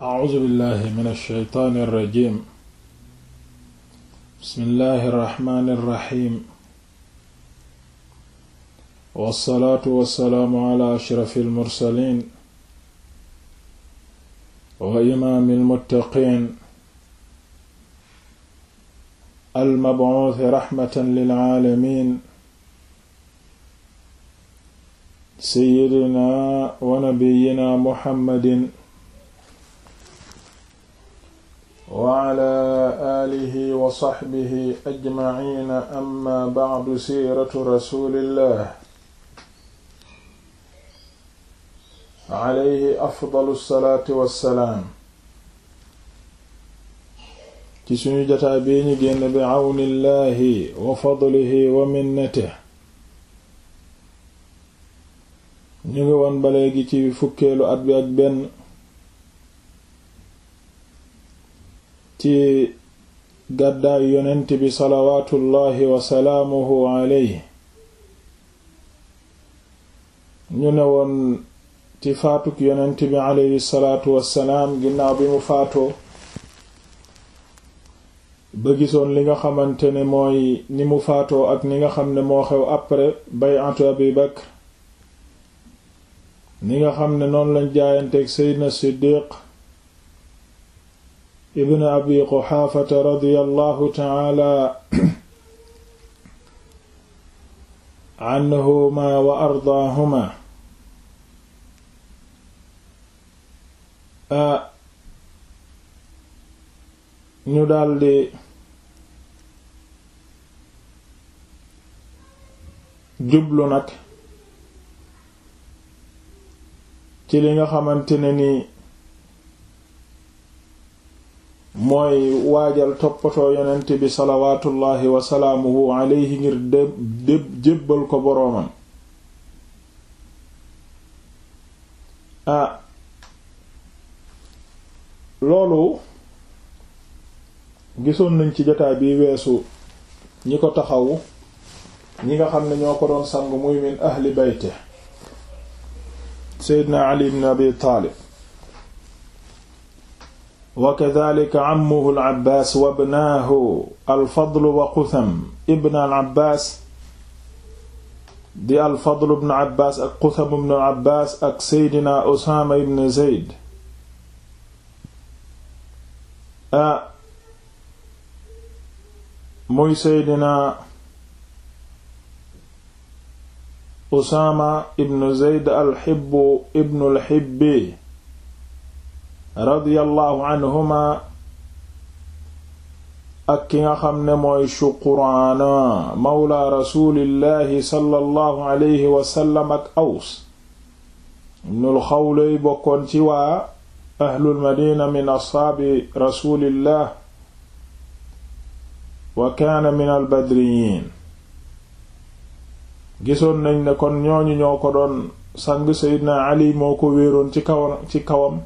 auzu billahi min alsheytaani irrajim bismillahi irraxmaani irraxim wassalaatu wassalaamu ala ashrafi almursalin wa imaami almuttaqiin almabuusi raxmatan lilcaalamin seyidina wa nabiyina muhammadin wa ala alihi wa saxbihi ajmaciina amma bacdu siiratu rasulillah alayhi afdalu salaati wassalaam ci suñu jataa bii ñu génn bi cawni illahi wa fadlihi wa minnatihi ñu ngi woon ba léegi ci fukkeelu at bi ak benn ci gàddaayu yonent bi salawaatullaahi wasalaamuhu alayhi ñu ne woon ci faatuk yonent bi alayhi salaatu wassalaam ginnaaw bi mu faatoo ba gisoon li nga xamante ne mooy ni mu faatoo ak ni nga xam ne moo xew après bay'atu abi bakr ni nga xam ne noonu lañ jaayanteeg seydna siddiq ibn abi quxaafata radiyallahu taala anhumaa wa ardaahumaa ñu daldi jublu nag ci li nga xamante ne mooy waajal toppatoo yonent bi salawaatullaahi wasalaamuhu alayhi ngir dé jébbal ko boroomam ah loolu gisoon nañ ci jotaay bi weesu ñi ko taxawu ñi nga xam ne ñoo ko doon sang muy min ahli bayte seydna ali ibn abi taalib wa kadhalika ammuhu al-Abbaas wa ibnaahu al-Fadl wa Qutham ibn al-Abbaas di al-Fadl ibn Abbaas ak Qutham ibn al-Abbaas ak Seydina Usaama ibn Zayd a muy Seydina Usaama ibn Zayd al-Hibb ibn al-Hibbi radiyallahu anhuma ak ki xam ne mooy shuquraana mawla rasulillahi sallallahu alayhi wasallam ak aws ibnul xawlay bokkoon waa ahlul madina min asxaabi rasulillah wa kaana min albadriyin gisoon nañ ne kon ñooñu ñoo ko doon sang seydina ali moo ko wéeroon ci kawam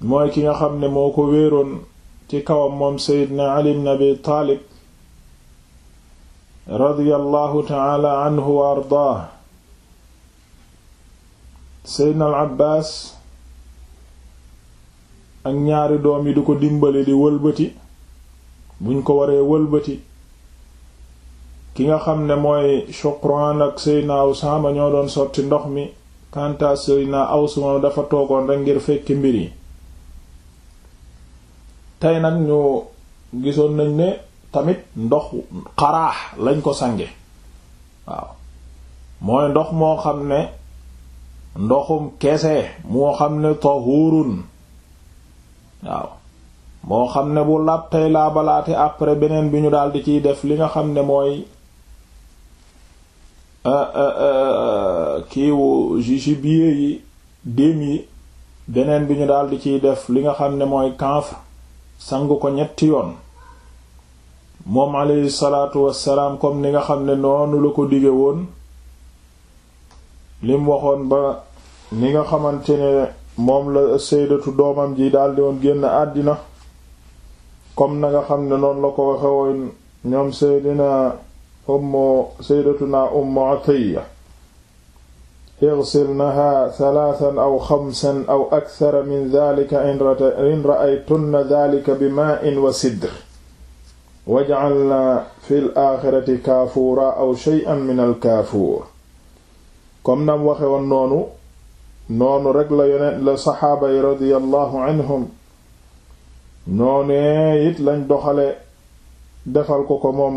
mooy ki nga xam ne moo ko wéeroon ci kawam moom seydna ali ibn abi taalib radiyallahu taala anhu wa ardaah seydna abbaas ak ñaari doom yi di ko dimbali di wëlbati buñ ko waree wëlbati ki nga xam ne mooy Shuqraan ak seydna Usaama ñoo doon sotti ndox mi kanta seydna Aws moom dafa toogoon rekk ngir fekki mbir yi tey nag ñu gisoon nañ ne tamit ndox xaraax lañ ko sange waaw mooy ndox moo xam ne ndoxum kese moo xam ne tahurun waaw moo xam ne bu làpp tey laabalaate après beneen bi ñu daldi ciy def li nga xam ne mooy euh, euh, euh, kiiwu gibier yi dem yi beneen bi ñu daldi ciy def li nga xam ne mooy camphre sangu ko ñetti yoon moom aleyhi salaatu wassalaam comme ni nga xam ne noonu la ko dige woon lim waxoon ba ni nga xamante ne moom la saydatu doomam ji daldi woon génn àddina comme na nga xam ne noonu la ko waxe woon ñoom saydina ummu saydatuna ummu atiya igsilnahaa salaasan aw xamsan aw akthara min daalika in ra'aytunna daalika bimaa'in wa sidr waj'alnaa fil aaxirati kaafuuraa aw shay'an minal kaafuur comme nam waxe woon noonu noonu rek la yonent la saxaaba anhum noonee it lañ doxale defal ko ko moom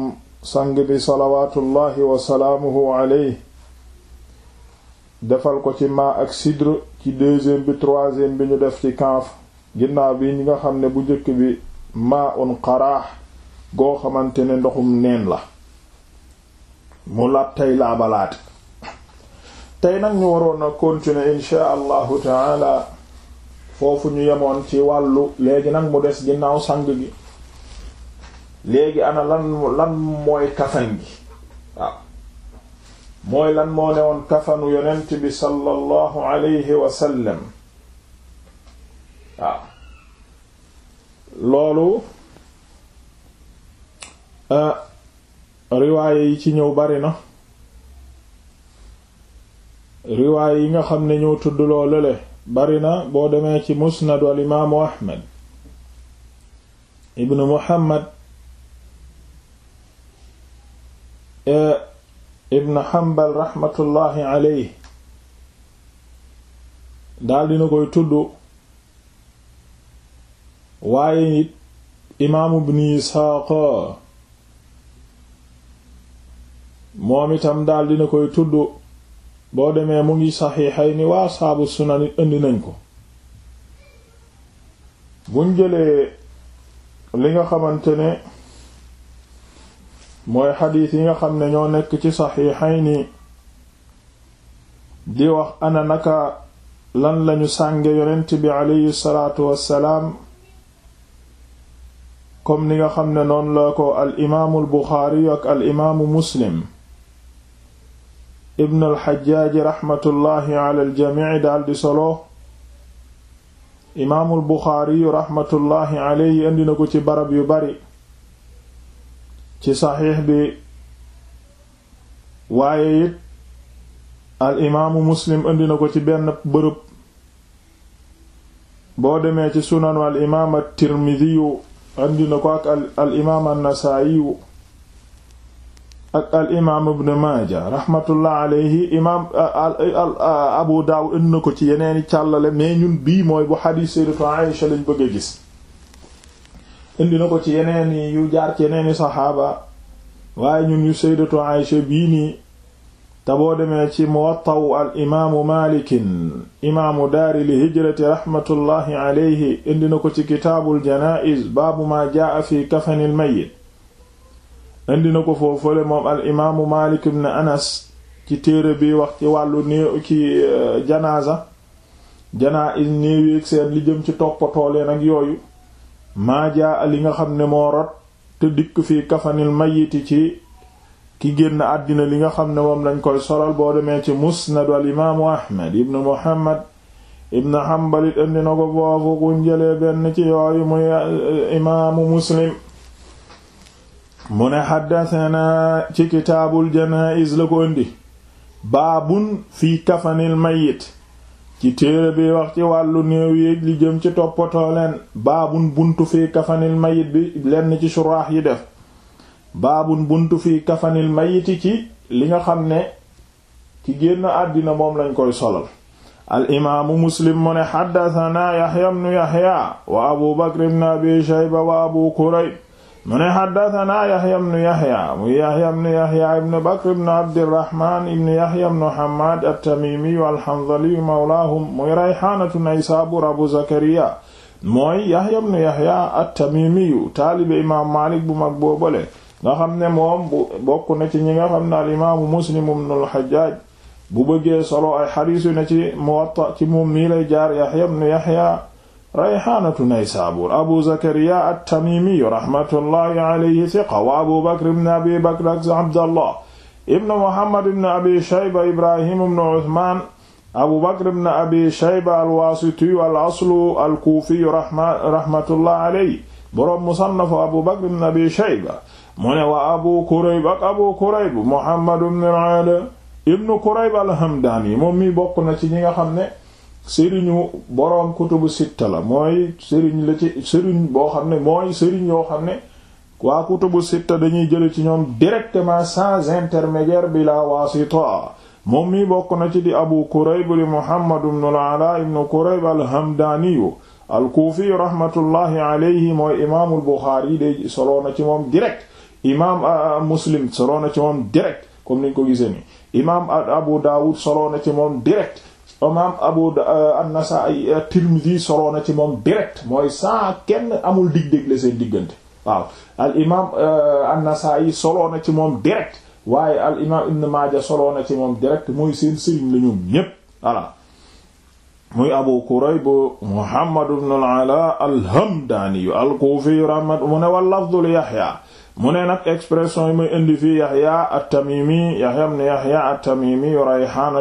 sang bi salawaatullahi defal ko ci maa ak cidre ci deuxième bi troisième bi ñu def ci kanf ginnaaw bi ñi nga xam ne bu njëkk bi maa un xaraax goo xamante ne ndoxum neen la mu laab tey laabalaate tey nag ñu waroon a continuer insha allahu taala foofu ñu yemoon ci wàllu léegi nag mu des ginnaaw sang gi léegi ana lan lan mooy kafan gi waaw mooy lan moo ne woon kafanu yonent bi sallallahu alayhi wa sallam waaw loolu ah, riwaaye yi ci ñëw bari na riwaaye yi nga xam ne ñëw tudd loolu le bari na boo demee ci musnadu al imaamu ahmad ibnu muhammad eh, ibn Hanbal raxmatullaahi alayhi daldi na koy tudd waaye it imaam ibn Isxaaq moom itam daldi na koy tudd boo demee mu ngi saxiixayni waa asxaabu sunan indi nañ ko buñ jëlee li nga xamante ne mooy xadiis yi nga xam ne ñoo nekk ci saxiixayni di wax ana naka lan lañu sànge yonent bi aleyhi salaatu wassalaam comme ni nga xam ne noonu la ko al imaamu albuxaari ak al imaamu solo imaamul buxaariyu raxmatullaahi aleyhi indi na ko ci barab yu bari ci saxiix bi waaye it al imaamu muslim indi na ko ci benn bërëb boo demee ci sunanu al imaam at-tirmidiyu indi na ko ak al imaam an-nasaa'iyu ak al imaam abu daawud indi na ko ci yeneeni càllale mais ñun bii mooy bu xadiis sayyidatu Aysha lañ bëgg a gis indi na ko ci yeneen yi yu jaar ci yeneen i saxaaba waaye ñun yu sayyidatu Aysha bii nii te boo demee ci muwattaw al imaamu malikin imaamu daari li hijrati raxmatullahi aleyhi indi na ko ci kitaabul janaa'iz baabu maa jaa fi kafanil mayyit indi na ko foofule moom al imaamu malik ibn anas ci téere bi wax ci wàllu néew ci euh, janaaza janaa'iz seen li jëm ci toppatoo leen ak yooyu maa jaa li nga xam ne moo rot te dikk fii kafanil mayiti ci ki génn àddina li nga xam ne moom lañ koy solal boo demee ci musnadu al imaamu ahmad ibn muhammad ibn hanbal indi na ko foofu ku njëlee benn ci yooyu muy eh, imaamu muslim mu ne xaddasanaa ci kitaabul janaa'iz la ko indi baabun fii kafanil mayit ci téere bi wax ci wàllu néew yéeg jëm ci toppatoo leen baabun buntu fi kafanil mayit bi lenn ci suraax yi def baabun buntu fi kafanil mayiti ki li nga xam ne ki génn àddina moom lañ koy solal al imaamu muslim mu ne xaddasanaa yaxya bnu yaxya wa abu bakr bnu abi shayba wa abu kurayb mu ne xaddatana yaxya ibnu yaxya muy yaxya ibnu yaxya ibnu bakr ibnu abdirahman ibnu yaxya ibnu hamad altamimiyu mawlaahum muy rayxaanatu naysaabuur abu zakariya mooy yaxya ibnu yaxya altamimiyu taalibe imaam malik bu mag boobale nga xam ne moom bokk na ci ñi nga xam ne alimaamu muslim ibnu alxajjaaj bu bëggee solo ay xadiisu ne ci muwatta ci moom jaar yaxya ibnu yaxya rayxaanatu naysaabuur abu zakariya attamimiyu raxmatullahi alayhi siqa wa abu bakr ibn abi bakr ak abdallah ibn muhammad ibn abi shayba ibrahim ibn uthman abu bakr ibn abi shayba alwaasitiyu al aslu alkuufiyu raxmatullahi alayhi boroom musannafu abu bakr ibn abi shayba mu ne wa abu kurayb ak abu kurayb muhammad ibn al ala ibn kurayb alhamdaani moom mi bokk na ci ñi nga xam ne sëriñu borom kutubu sitta la mooy sëriñ la ci sëriñ boo xam ne mooy sëriñ yoo xam ne waa kutubu sitta dañuy jële ci ñoom directement sans intermédiaire bi la wasita moom mii bokk na ci di abu kurayb li muhammad ibn al-ala ibn kurayb alhamdaniyu alkuufiyu rahmatullahi alayhi mooy imaamul buxaari day soloo na ci moom direct imaam ah, ah, muslim soloo na ci moom direct comme niñ ko gisee ni imaam abu daawud soloo na ci moom direct imam abu euh, an-Nasa'i at-Tirmidhi euh, soloo na ci moom direct mooy sans kenn amul dig-dégle seen diggante waaw al imam euh, an soloo na ci moom direct waaye al imam Maaja soloo ci moom direct mooy seen sëriñ la ñoom ñépp voilà muy Abu Kurayb Muhammad ibn mu mu ne nag expression yi muy indi fii Yahya at-Tamimi Yahya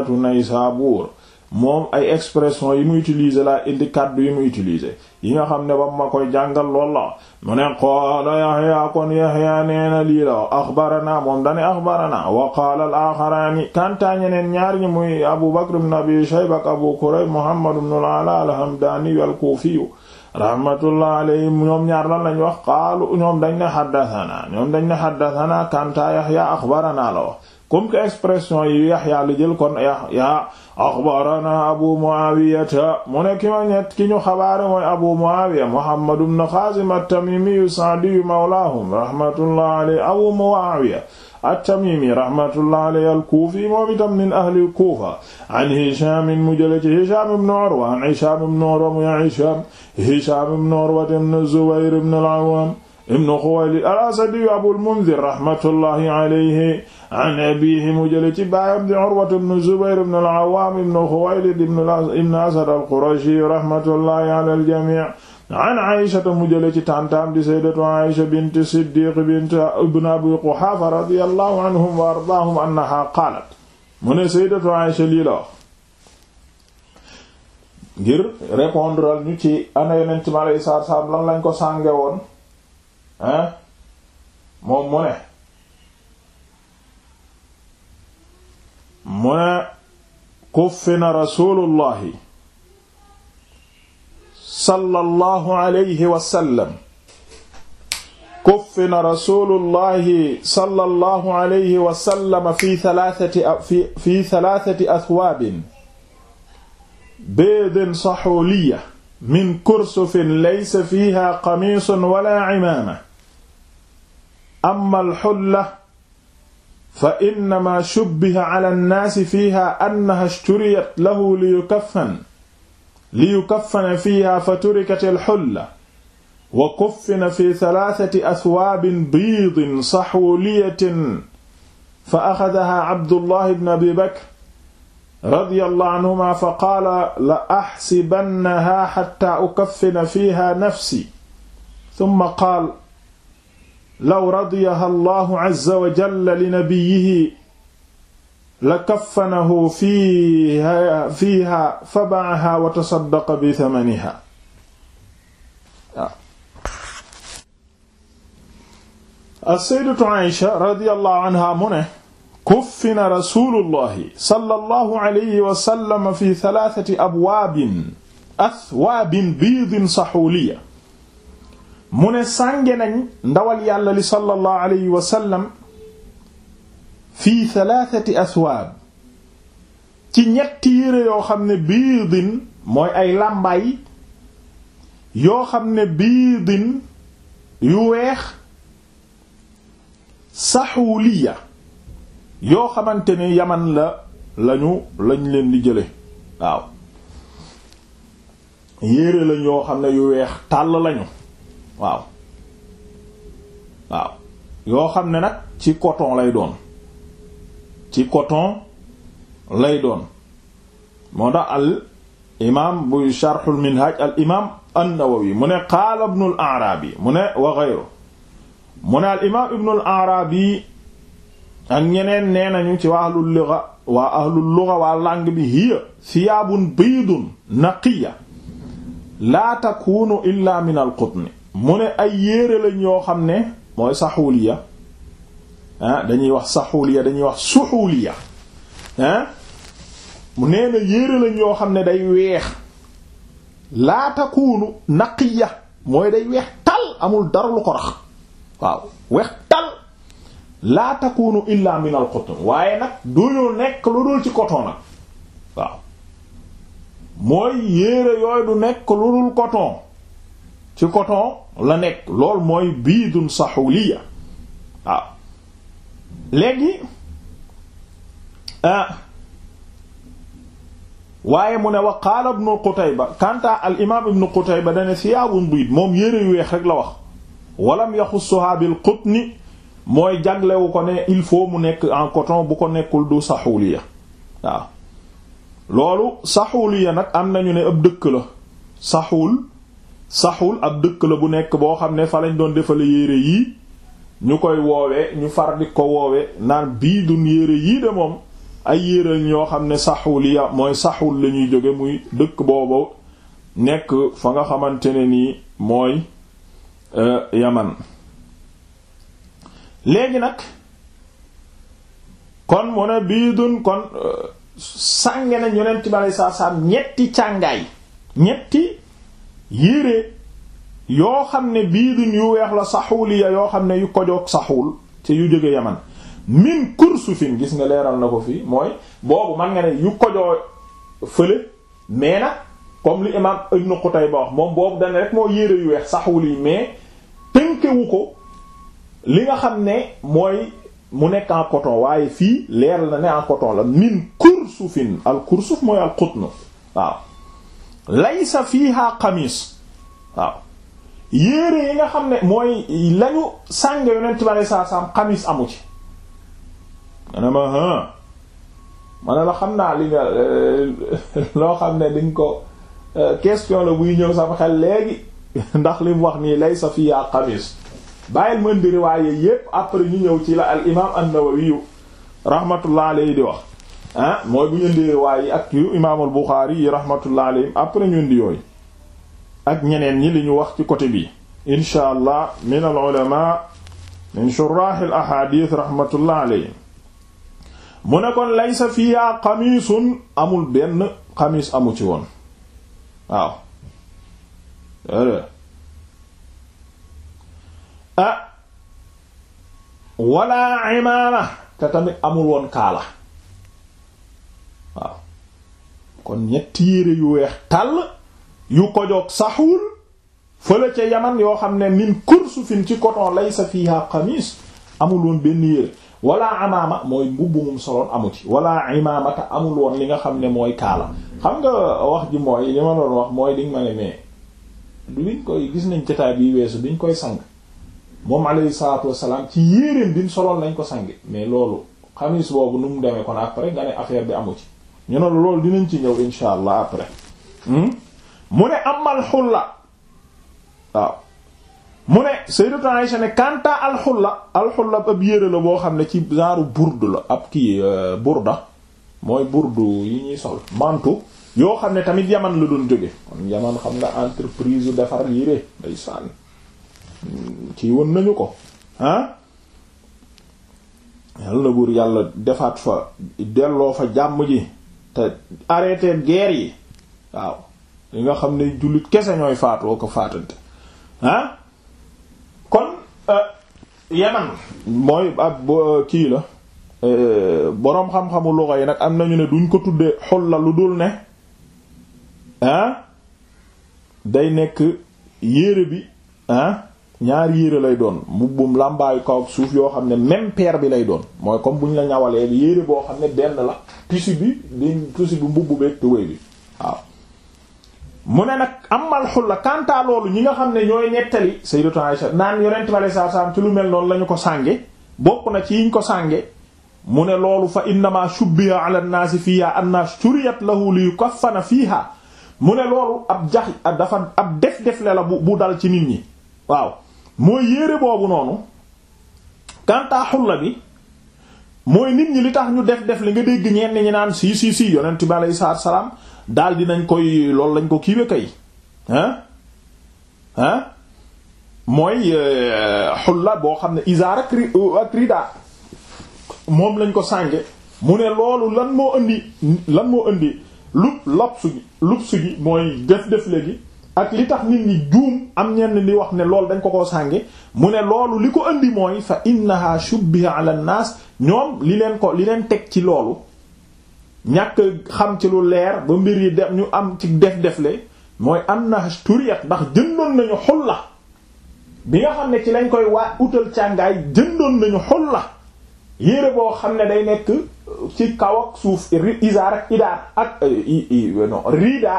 ibn moom ay expression yi mu utiliser la indi kàddu yi mu utilise yi nga xam ne ba ma koy jàngal lool la mu ne qaala yaxya kon yaxya nee na lii la axbarana moom dane axbarana wa qaala al axaraani ñeneen ñaar ñi muy abu bakr ibn abi shayba ak abu kurayb muhammad ibn al ala al hamdaani rahmatullah alayhim ñoom ñaar lan lañ wax qaalu ñoom dañ ne xaddathana ñoom dañ ne xaddathana kantaa yaxya axbarana la wax comme que expression yi Yaxya la jël kon Yaxya axbarana abu muawiyata mu ne ki ma ñett ki ñu xabaare mooy abu muawiya muhammad ibn xaasim at-tamimi sa'di mawlaahum rahmatullah alayhi abu muawiya at-tamimi rahmatullah alayhi al-kufi moom itam min ahli kufa an hisham mu jële ci hisham ibn urwa an hisham ibn urwa muy hisham hisham ibn urwa ibn zubayr ibn al-awwam ibn xuwaylid al-asadi abul munzir rahmatullahi alayhi an abiihi mu jële ci baayam di Urwatu ibn Zubayr ibn al-Awwaam ibn Xuwaylid Asad al-Qurashi rahmatullahi ala al-jamii' an Aysata mu jële ci tantaam di sayyidatu Aysa bint Siddiq bint ibn Abi Quhaafa radiyallahu anhum wa ardaahum annahaa qaalat mu ne sayyidatu Aysa lii la wax ngir répondre ci ana Yonent mi alayhi salaatu lan lañ ko sànge woon ah mu kuffina rasulullahi sallallahu alayhi wa sallam kuffina rasulullahi sallallahu alayhi wa sallam fi thalathati fi thalathati athwaabin beedin saxuuliya min kursufin laysa fiha qamiisun wala cimaama amma alxulla fa innama shubbiha ala nnaasi fiiha annaha ishturiyat lahu liyukaffan liyukaffana fiiha fa turikat alxulla wa kuffina fi talaatati aswaabin biidin saxuuliyatin fa axadaha abdullahi ibn abi bakr radiyallahu anhuma fa qaala la axsibannaha xatta ukaffina fiiha nafsi summa qaala law radiyaha allahu azza wa jalla li nabiyihi la kaffanahu fiiha fiiha fabaaha wa tasaddaqa bi thamaniha waaw as-sayyidatu Aysha radiyallahu anha mu ne kuffina rasulullahi sallallahu alayhi wa sallam fi thalaathati abwaabin athwaabin biidin sahuuliyya mu ne sànge nañ ndawal yàlla li sallallahu alayhi wa sallam fii thalathati aswaab ci ñetti yére yoo xam ne biidin mooy ay làmbaay yoo xam ne biidin yu weex saxuliya yoo xamante ne yaman la lañu lañ leen di jële waaw yére lañ yoo xam ne yu weex tàll lañu waaw yoo xam ne nag ci coton lay doon ci coton lay doon moo tax al imaam buy sharxul minhaj al imaam an-Nawawi mu ne qaala ibnul Arabi mu ne wa ghayru mu ne al imaam ibnul Arabi ak ñeneen nee nañu ci waa ahlul lugha waa ahlul lugha waa bi hiya siyaabun baydun naqiya laa takunu illa min al qutni mu ne ay yéere lañ yoo xam ne mooy saxuliya ah, dañuy wax saxuliya dañuy wax suxuliya ah, mu nee na yére lañ yoo xam ne day weex laa takuunu naqiya mooy day weex tal amul dara lu ko rax waaw weex tal laa takuunu illa min al coton waaye nag duñu nekk lu dul ci coton nag waaw mooy yére yooyu du nekk lu dul coton ci coton la nekk lool mooy biidun saxuliya waaw léegi ah, waaye mu ne wa qaala ibnu Qutayba kanta al imaam ibnu Qutayba dane siyaabun biid moom yére yu weex rek la wax walam yaxussuhaa bil qutni mooy jaglewu ko ne il faut mu nekk en coton bu ko nekkul du saxuliya waaw loolu saxuliya nag am nañu ne ab dëkk la saxul saxul ab dëkk la bu nekk boo xam ne fa lañ doon defale yére yii ñu koy woowee ñu far di ko woowe naan bii dun yére yii de moom ay yére ñoo xam ne saxul ya mooy saxul la jóge muy dëkk boobu nekk fa nga xamante ne nii mooy e, yaman léegi nag kon mu ne bii dun kon e, sànge na yonent bi aleyhi salaatu salaam ñetti càngaay ñetti yére yoo xam ne biidun yu weex la saxuliya yoo xam ne yu kojoog saxul te yu jóge yaman min kursufin gis nga leeral na ko fii mooy boobu man nga ne yu kojoo fële mais nag comme li imam Ibn Qutayba wax moom boobu dana rek moo yére yu weex yi mais tënkewu ko li nga xam ne mooy mu nekk en coton waaye fii leeral na ne en coton la min kursufin al kursuf mooy al qutn waaw laysa fiiha xamis waaw yéere yi nga xam ne mooy lañu sàng yonent bi alei saa salaam xamis amu ci mana ma la xam naa li loo xam ne dañ ko eh, question la buy ñëw sama xel léegi ndax li mu wax nii laysa fiiha xamis bàyyil mën di riwaaye yépp après ñu ñëw ci la al imam an-Nawawi rahmatullah alayhi di wax ah mooy bu ñu indi riwaay yi ak yu imaamul Buxaari yi rahmatullah après ñu indi ak ñeneen ñi li ñu wax ci côté bi insha allah min al ulama min shurah al ahadith rahmatullah mu ne kon laysa fiha xamiisun amul benn xamiis amu ci woon waaw ah wala imaama te tamit amul woon kaala kon ñetti yére yu weex tàll yu ko joog saxuur fële ca yaman yoo xam ne min sufin ci coton laysa fiha xamis amul woon benn yére wala amaama mooy mbubb mum soloon amu ci wala imaamata amul woon li nga xam ne mooy kaala xam nga wax ji mooy li ma doon wax mooy di nga ma ne mais duñ koy gis nañ jotaay bi weesu duñ koy sang moom alayhi salaatu wassalaam ci yéreem bi mu soloon lañ ko sange mais loolu xamis boobu nu mu demee kon après nga ne affaire bi amu ci ñu ne loolu dinañ ci ñëw insha allah après hmm? mu ne amal xulla waaw mu ne sayyidatu Aisha ne kanta alxulla alxulla ab yére la boo xam ne ci genre burdu la ab kii euh, burda mooy burdu yi ñuy sol mantu yoo xam ne tamit yaman la doon jóge kon yaman xam nga entreprise defar yére day sànn kii woon nañu ko ah yàlla na buur yàlla defaat fa delloo fa jàmm ji te arrêté yi waaw li nga xam ne jullit kese ñooy faatoo ko faatante ah kon euh, yaman mooy ab kii la euh, boroom xam-xamu luxa yi nag am na nañu ne duñ ko tuddee xol la lu dul ne ah day nekk yére bi ah ñaari yére lay doon mbubbum làmbaayu kaw ak suuf yoo xam ne même paire bi lay doon mooy comme bu ñu la ñawalee yére boo xam ne benn la tissu bi di tissu bi mbubbu beeg tëwëy bi waaw mu ne nag amal xulla kantaa loolu ñi nga xam ne ñooy nettali sayyidatu Aisha naan yonent bale saa saam ci lu mel noonu lañu ko sànge bokk na ci ñu ko sànge mu ne loolu fa innama shubbiha ala an-naasi la anna shuriyat lahu fana fii fiha mu ne loolu ab jax dafa ab def def la bu dal ci nit ñi waaw mooy yére boobu noonu kantaa xulla bi mooy nit ñi li tax ñu def def li nga dégg ñenn ñi naan si si si yonent bi aleyhi salaatu salaam daal nañ koy loolu lañ ko kiiwe kay hein hein mooy euh, xulla boo xam ne isaar euh, ak rida moom lañ ko sànge mu ne loolu lan moo indi lan moo indi lub lopsu gi lubsu gi mooy def def léegi ak li tax nit ñi juum am ñenn li wax ne loolu dañ ko ko sànge mu ne loolu li ko ëndi mooy fa innaha shubbiha ala naas ñoom li leen ko li leen teg ci loolu ñàkk xam ci lu leer ba mbir yi def ñu am ci def defle mooy annaha turiyat ndax jëndoon nañu xol la bi nga xam ne ci lañ koy waa utal càngaay jëndoon nañu xol la yére boo xam ne day nekk ci kaw ak suuf isaar ak idaar ak euh, non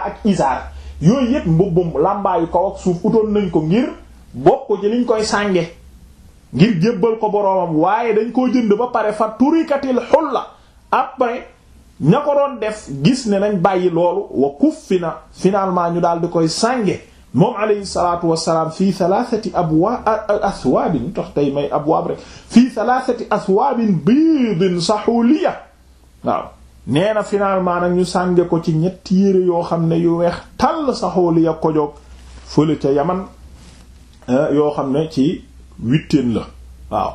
ak isaar yooyu yëpp mbubbum làmbaayu kaw ak suuf utoon nañ ko ngir bokk ci liñ koy sànge ngir jébbal ko boroomam waaye dañ koo jënd ba pare fa turikatil xulla après ña ko doon def gis ne nañ bàyyi loolu wa kuffi na finalement ñu daal di koy sànge moom alayhi salatu wasalaam fii thalathati abwa aswaabin tax tey may abwaab rek fii thalathati aswaabin biidin saxuliya waaw nee na finalement nag ñu sànge ko ci ñetti yére yoo xam ne yu weex tàll saxoo li ya kojoog fële ca yaman eh, yoo xam ne ci huitaine la waaw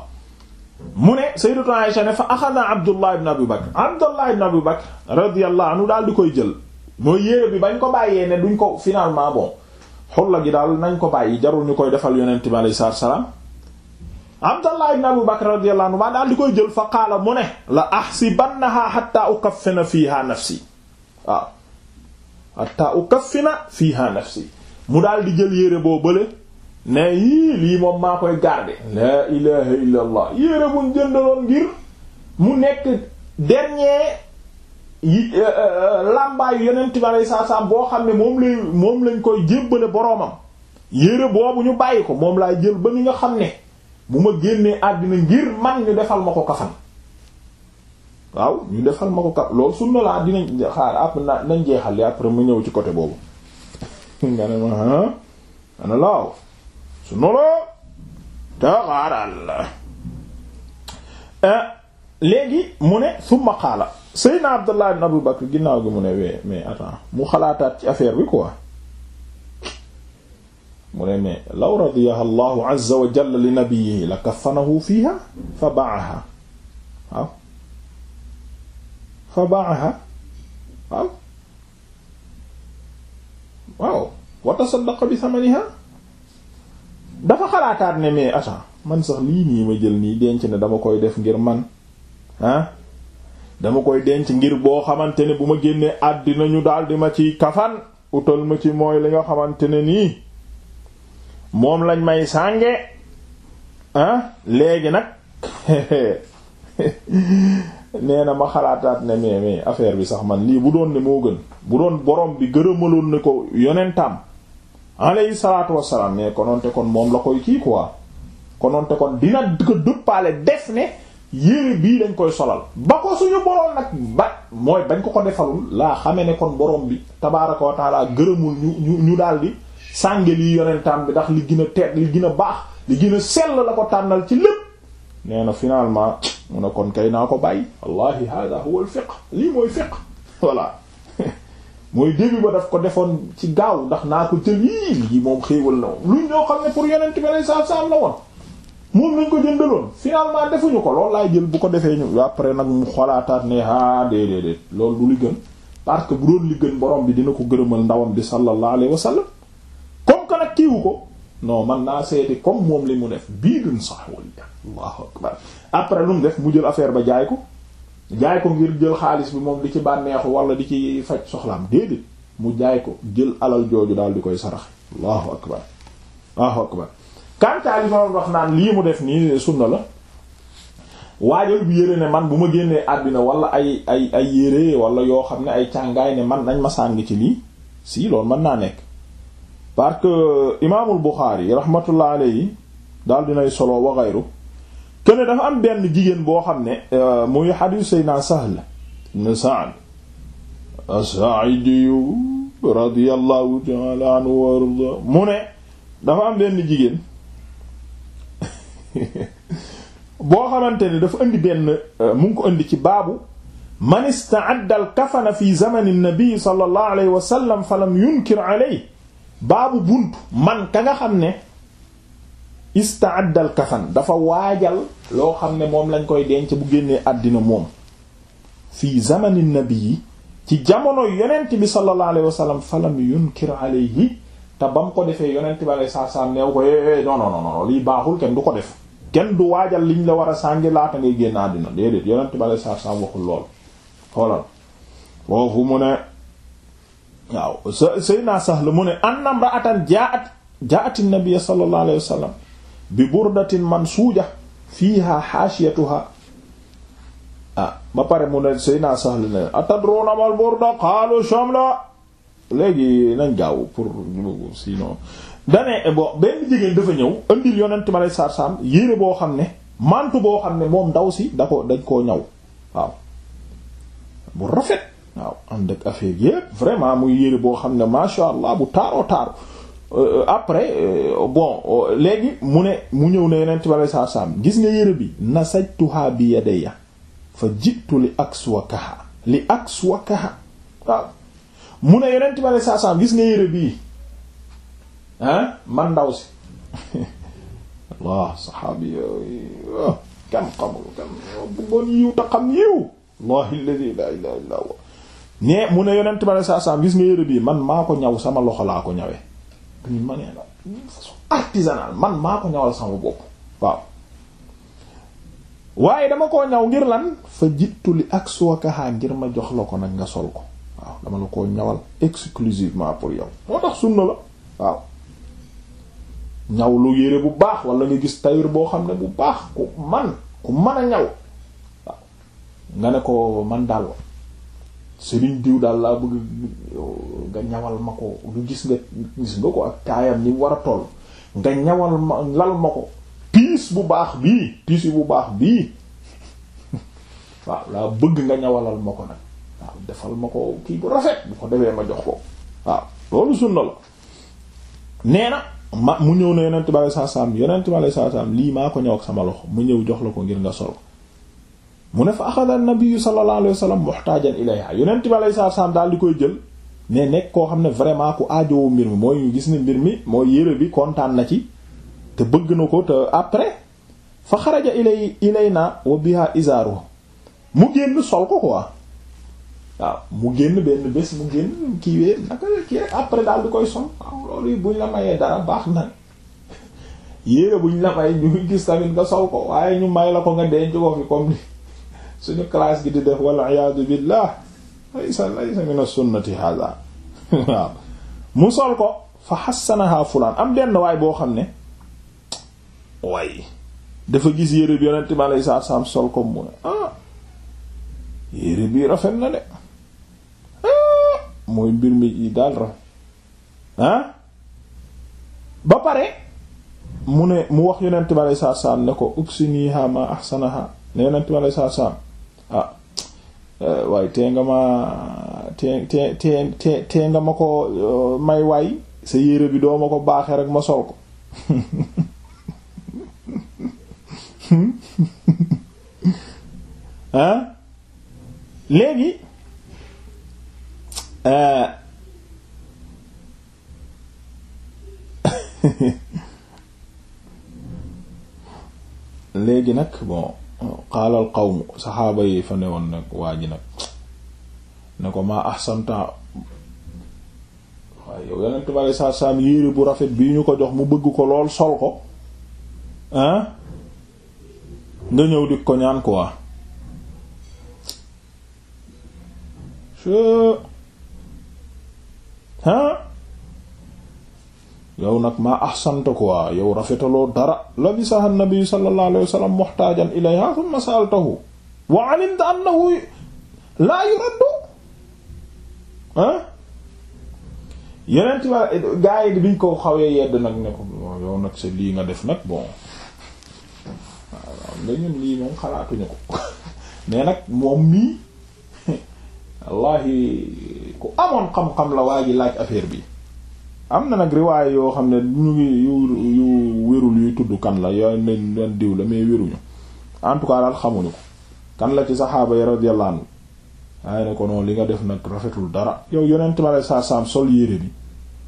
mu ne sayyidatu Aisha ne fa axada Abdullah ibn Abi Bakr Abdullah ibn Abi Bakr radiyallahu anhu daal di koy jël mooy yére bi bañ ko bàyyee ne duñ ko finalement bon xolla gi daal nañ ko bàyyi jarul ñu koy defal yonent bi alayhi salaam Abdallah ibn Abu Bakr radiyallahu anhu maa daal di koy jël fa qaala mu ne la ahsibannaha hatta ukaffina fiha nafsi waaw hatta ukaffina fiha nafsi mu daal di jël yére boo bële ne yii lii moom maa koy garder la ilaha illa yére mun jëndaloon ngir mu nekk dernier yi euh, euh, làmbaayu yonent bi alei saatu salaam boo xam ne moom lay moom lañ koy jébbale boroomam yére boobu ñu bàyyi ko moom laay jël ba ni nga xam ne bu ma génnee àddina ngir man ñu defal ma ko kafan waaw ñu defal ma ko kaf loolu sunna laa dinañ xaar après nañ jeexal li après mu ñëw ci côté boobu nga ne ma ha ana laaw sunna la te xaaral eh, léegi mu ne summa xaala Seydina Abdullah ibn Abu Bakr ginnaaw gi mu ne wee mais attends mu xalaataat ci affaire bi quoi mu ne mais law radiyaha allahu azza wa jalla li nabiyihi la kafanahu fiha fa baaha waaw fa baaha waaw waaw wa tasaddaqa bi samaniha dafa xalaataat ne mais attends man sax lii nii ma jël nii denc ne dama koy def ngir man ah dama koy denc ngir boo xamante ne bu ma génnee àddina ñu daal di ma ci kafan utal ma ci mooy li nga xamante ne nii moom lañ may sànge ah léegi nag nee na ma xalaataat ne mais mais affaire bi sax man lii bu doon ne moo gën bu doon borom bi gërëmaloon ne ko yonentam alayhi salaatu wassalaam mais kononte kon moom la koy kii quoi kononte kon dina ko dëppaale def ne yére bii dañ koy solal ba ko suñu boroom nag ba mooy bañ ko ko defalul laa xame ne kon borom bi tabaaraka wa taala gërëmul ñu ñu ñu daldi sànge lii yonentam bi ndax li gën a tedd li gën a baax li gën a sell la ko tànnal ci lépp nee na finalement mu ne kon kay naa ko bàyyi wallahi hada huwa al fiqh lii mooy fiqh voilà mooy début ba daf ko defoon ci gaaw ndax naa ko jël yii yi moom xéewal la lu ñoo xam ne pour yonent bi alei saatu salaam la woon moom lañ ko jëndaloon finalement defuñu ko lool laay jël bu ko defee ñu après nag mu xolaataat ne a ah, déedéedéet loolu du li gën parce que bu doon li gën borom bi dina ko gërëmal ndawam bi sallallahu alayhi wa sallam tudd ko non man naa seeti comme moom li mu def bii duñ sax walla akbar après lu mu def mu jël affaire ba jaay ko jaay ko ngir jël xaalis bi moom di ci bànneexu wala di ci faj soxlaam déedéet mu jaay ko jël alal jooju daal di koy saraxe allahu akbar allahu akbar kantaa li ma wax naan lii mu def nii sunna la waajal bi yére ne man bu ma génnee àddina wala ay ay ay yére wala yoo xam ne ay càngaay ne man nañ ma sàng ci lii si loolu mën naa nekk parce que imaamul Buxaari rahmatullah alayhi daal dinay solo wa ghayru kene dafa am benn jigéen boo xam ne euh, muy xadiis Seydina Sahl ibn Sa'd as-Sa'idi wa arda mu ne dafa am benn jigéen boo xamante ne dafa indi ben euh, mu ngi ko indi ci baabu man ista'adda al-kafana fi zamani an-nabi sallallahu wa sallam falam yunkir alayhi baabu buntu man ka nga xam ne ista istaaddal kafan dafa waajal loo xam ne moom lañ koy denc bu génnee àddina moom fii zamani nabii ci jamono yonent bi sallallahu alayhi wa sallam falam yunkir alayhi te ba mu ko defee yonent bi alayhi salaatu salaam neew ko é eh, eh, eh, non non non lii baaxul kenn du ko def kenn du waajal liñ la war a sàngi laata ngay génn àddina déedéet yonent bi alayhi salaatu salaam waxul lool xoolal foofu mu ne waaw Seydina Sahl mu ne anna imra'atan jaa'at jaa'at an-nabiy sallallahu alayhi wa sallam bi burdatin mansuuja fiiha haashiyatuha ah ba pare mu ne Seydina Sahl ne atadruuna mal burda qaalu shamla léegi nañ gaaw pour sinon dane eh, bon benn jigéen dafa ñëw andil yonent ma lay sarsam yére boo xam ne mantu boo xam ne moom ndaw si da dañ koo ñaw waaw bu rafet waaw ànd ak affaire yépp vraiment muy yére boo xam ne masha allah bu taaroo taaru euh, après euh, bon euh, léegi mu ne mu ñëw ne yeneen tubaab saa saam gis nga yére bi nasajtuha bi yadayya fa jiitu li akswakaha li akswakaha waaw mu ne yeneen tubaab saa saam gis nga yére bii ah man ndaw si allah saxaabi yooyu oh, kam xamul kam oh, bëggoon yiw ta xam yiw allahi alladhi la ilaha illa ne mu ne yonent ba saa saa gis nga yére bii man maa ko ñaw sama loxo laa ko ñawee ma man maa ko ñawal sama bopp waaw waaye dama koo ñaw ngir lan fa jittu li ak suwakaxaa ngir ma jox la ko nag nga sol ko waaw dama la koo ñawal exclusivement pour yow moo tax sunna la waaw ñaw lu yére bu baax wala nga gis tailleur boo xam ne bu baax ku man ku mën a ñaw nga ne ko man daal sëriñ diw daal laa bëgg nga ñawal ma ko lu gis nga gis nga ko ak taayam ni war a toll nga ñawal ma lal ma ko piis bu baax bii piis bu baax bii waaw laa bëgg nga ñawalal ma ko nag waaw defal ma ko kii bu rafet bu ko defee ma jox ko waaw loolu sunna la nee na ma mu ñëw na yonent bi alei saat salaam yonent bi alei lii maa ko ñëw ak sama loxo mu ñëw jox la ko ngir nga sol mu ne fa axada nabiyu sallallahu alayhi wa sallam muhtaajan ilayha yonent bi alayhi salaam daal di koy jël ne nekk koo xam ne vraiment ku aajowoo mbir mi mooy gis ne mbir mi mooy yére bi kontaan na ci te bëgg na ko te après fa xaraja ilay ilay na wa biha izaaru mu génn sol ko quoi waaw mu génn benn bés mu génn kiiwee naka kii après daal di koy sol waaw loolu yi buñ la mayee dara baax na yére buñ la may ñu gis tamit nga sol ko waaye ñu may la ko nga denc ko fi suñu classe gi di def wal iyaadu billah laysa laysa min as-sunnati hada mu sol ko fa xassanaha fulaan am denn waay boo xam ne waay dafa gis yére bi yonent bi alayhi salaatu sol ko mu ne ah yére bi rafet na de ah, mooy mbir mi yi daal rafet ah ba pare mu ne mu wax yonent bi alayhi salaatu salaam ne ko uksiniha ma ahsanaha ne yonent bi alayhi salaatu a ah. eh, waaye tee nga ma tee tee tee tee nga ma ko eh, may waay sa yére bi doo ma ko baaxee rek ma sol ko ah léegi eh, léegi nag bon xaalal qawmu saxaaba yi fa ne woon nag waa ji nag ne ko maa ahsanta waaye yow yonent bi aleyhi salaatu salaam bu rafet bii ñu ko jox mu bëgg ko lool sol ko ah nga ñëw di ko ñaan quoi ah yow nag maa ahsanta quoi yow rafetaloo dara labisaha nabi sallallahu alayhi wa sallam muhtaajan ilayha thumma sa'altahu wa alimta annahu laa yuraddu ah yeneen ci wàll gars yi ko xawee yedd nag ne ko yow nag sa lii nga def nag bon waaw nga ñun lii moom xalaatuñu ko mais nag moom mii wallaahi ku amoon xam-xam la waa ji laaj affaire bi. am na nag riwaay yoo xam ne ñu ngi yu yu wérul yuy tudd kan la yooyu nen diw la mais wéruñu en tout cas daal xamuñu ko kan la ci saxaaba yi radiyallahu anhu waaye li nga def nag rafetul dara yow yonent ma lay saa saam sol bi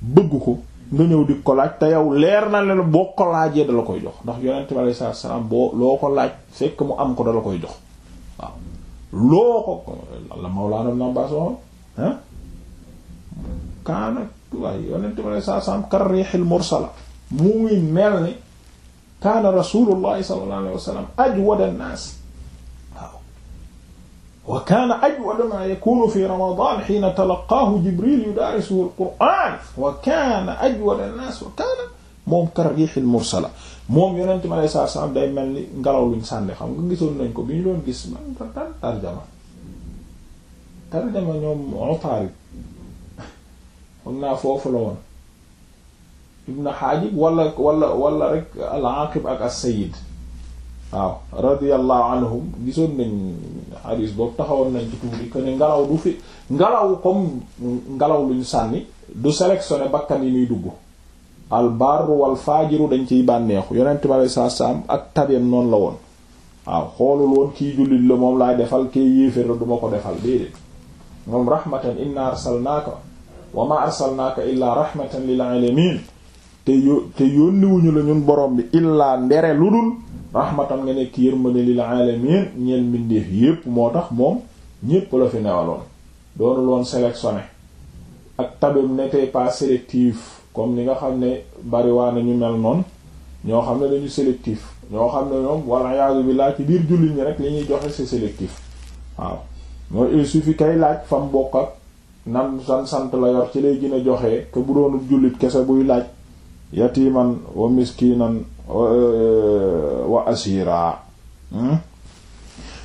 bëgg ko nga ñëw di ko laaj te yow leer na leen boo ko laajee dala koy jox ndax yonent ma lay saa saam boo loo ko laaj fekk mu am ko dala koy jox waaw loo ko la Mawlaana Ibn Abbaas waxoon ah kaana waaye yonent ma ne saa saam kar riixil mursala mu ngi mel ni kaana rasulullahi sallallahu alayhi wa sallam ajwada nnaas waaw wa kaana ajwada maa yakunu fi ramadan xiina talaqaahu jibril yudaarisuhu alquran wa kaana ajwada nnaas wa kaana moom kar riixil mursala moom yonent ma ne saa saam day mel ni ngelaw luñ sànni xam nga gisoon nañ ko bi ñu doon gis man tarjama tarjama ñoom Utaarid xam naa foofu la woon ibn Haajib walla walla wala rek al-Aaqib ak as-Sayyid waaw radiyallahu anhum gisoon nañ hadis boobu taxawoon nañ ci tuuti que ne ngelaw du fi ngelaw kom ngelaw luñ sànni du sélectionné bakkan yi muy dugg al barru wal faajiru dañ ciy bànneexu yonent bi alei saatu ak tabeem noonu la woon waaw xoolul woon kii jullit la moom laay defal kii yéeféer la du ko defal déedéet moom rahmatan inna arsalnaaka wa ma arsalnaaka illaa rahmatan lil alamin te yo te yónniwuñu la ñun borom bi illaa ndere lu dul rahmatan nga nekk yërmande lil alamin ñeen mbindeef yépp moo tax moom ñépp la fi newaloon doonul woon sélectionné ak tabim n'était pas sélectif comme ni nga xam ne bariwaane ñu mel noon ñoo xam ne dañu sélectif ñoo xam ne ñoom walla iyaazu billaah ci biir jullit ñi rek li ñuy joxe c'est sélectif waaw mooy il suffit kay laaj fam bokk ak nam san sant la yor ci lay gën joxe que bu jullit kese buy laaj yatiman wa miskinan wa eh, asira hmm?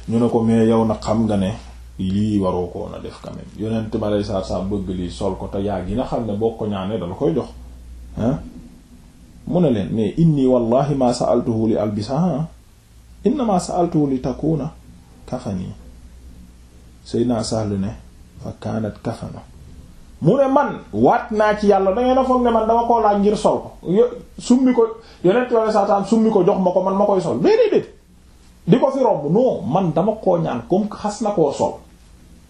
ñu ne ko mais yow nag xam nga ne lii waroo ko a def quand même yonent ma lay saar saa bëgg lii sol ko te yaa gi na xam ne boo ko ñaanee dala koy jox ah mu ne leen mais inni wallahi ma sa'altuhu li albisaha ah. innama sa'altuhu li takuna kafani Seydina Sahl ne fa kaanat kafana mu ne man waat naa ci yàlla da ngeen a ne man dama koo laaj ngir sol ko summi ko yonent yone saasaam summi ko jox ma ko man ma koy sol déedéet di ko fi romb man dama koo ñaan comme xas na koo sol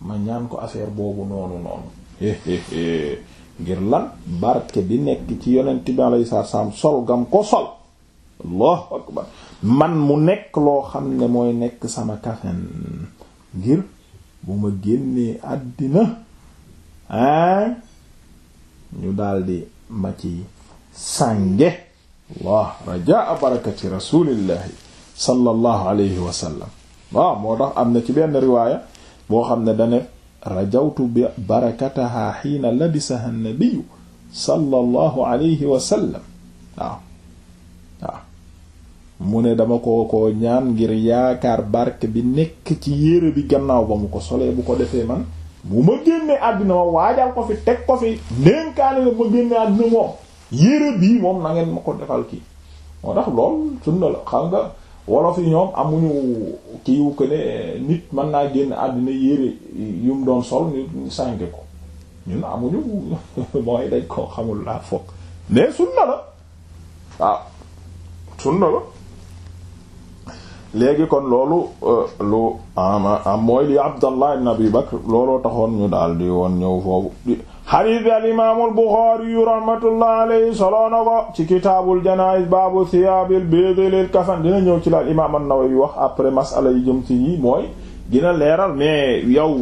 ma ñaan ko affaire boobu noonu noonu ngir lan barke bi nekk ci yonent bi alayhi salaam sol gam ko sol allahu akbar man mu nekk loo xam ne mooy nekk sama kafen ngir bu ma génnee àddina hein ñu daldi ma ci sànge allah rajaa barakati rasulillahi sallallahu alayhi wa sallam waaw moo tax am na ci benn riwaaya boo xam ne dane rajawtu bi barakataha xiina labisaha nnabiyu sallallahu alayhi wa mu ne dama ko ko ñaan ngir yaakaar barke bi nekk ci yére bi gannaaw ba mu ko solee bu ko defee man bu ma génnee àddina ma waajal ko fi teg ko fi ndénkaane la ma génnee àddina moom yére bii moom na ma ko defal kii moo tax lool sunna la xam nga wolof yi ñoom amuñu kiiwu ko ne nit man naa génn àddina yére yu mu doon sol ñu sànke ko ñun amuñu mooy dañ ko xamul laa foog mais sunna la waaw sunna la léegi kon loolu euh, lu ama am mooy li Abdallah ibn Abi Bakr looloo taxoon ñu daal di woon ñëw foofu xadiis al imaamul Buxaari yu rahmatullah alayhi soloo na ko ci kitaabul janaa'iz baabu siyaabil biid lil kafan dina ñëw ci la imaam an-Nawawi wax après masala yi jëm ci yi mooy dina leeral mais yow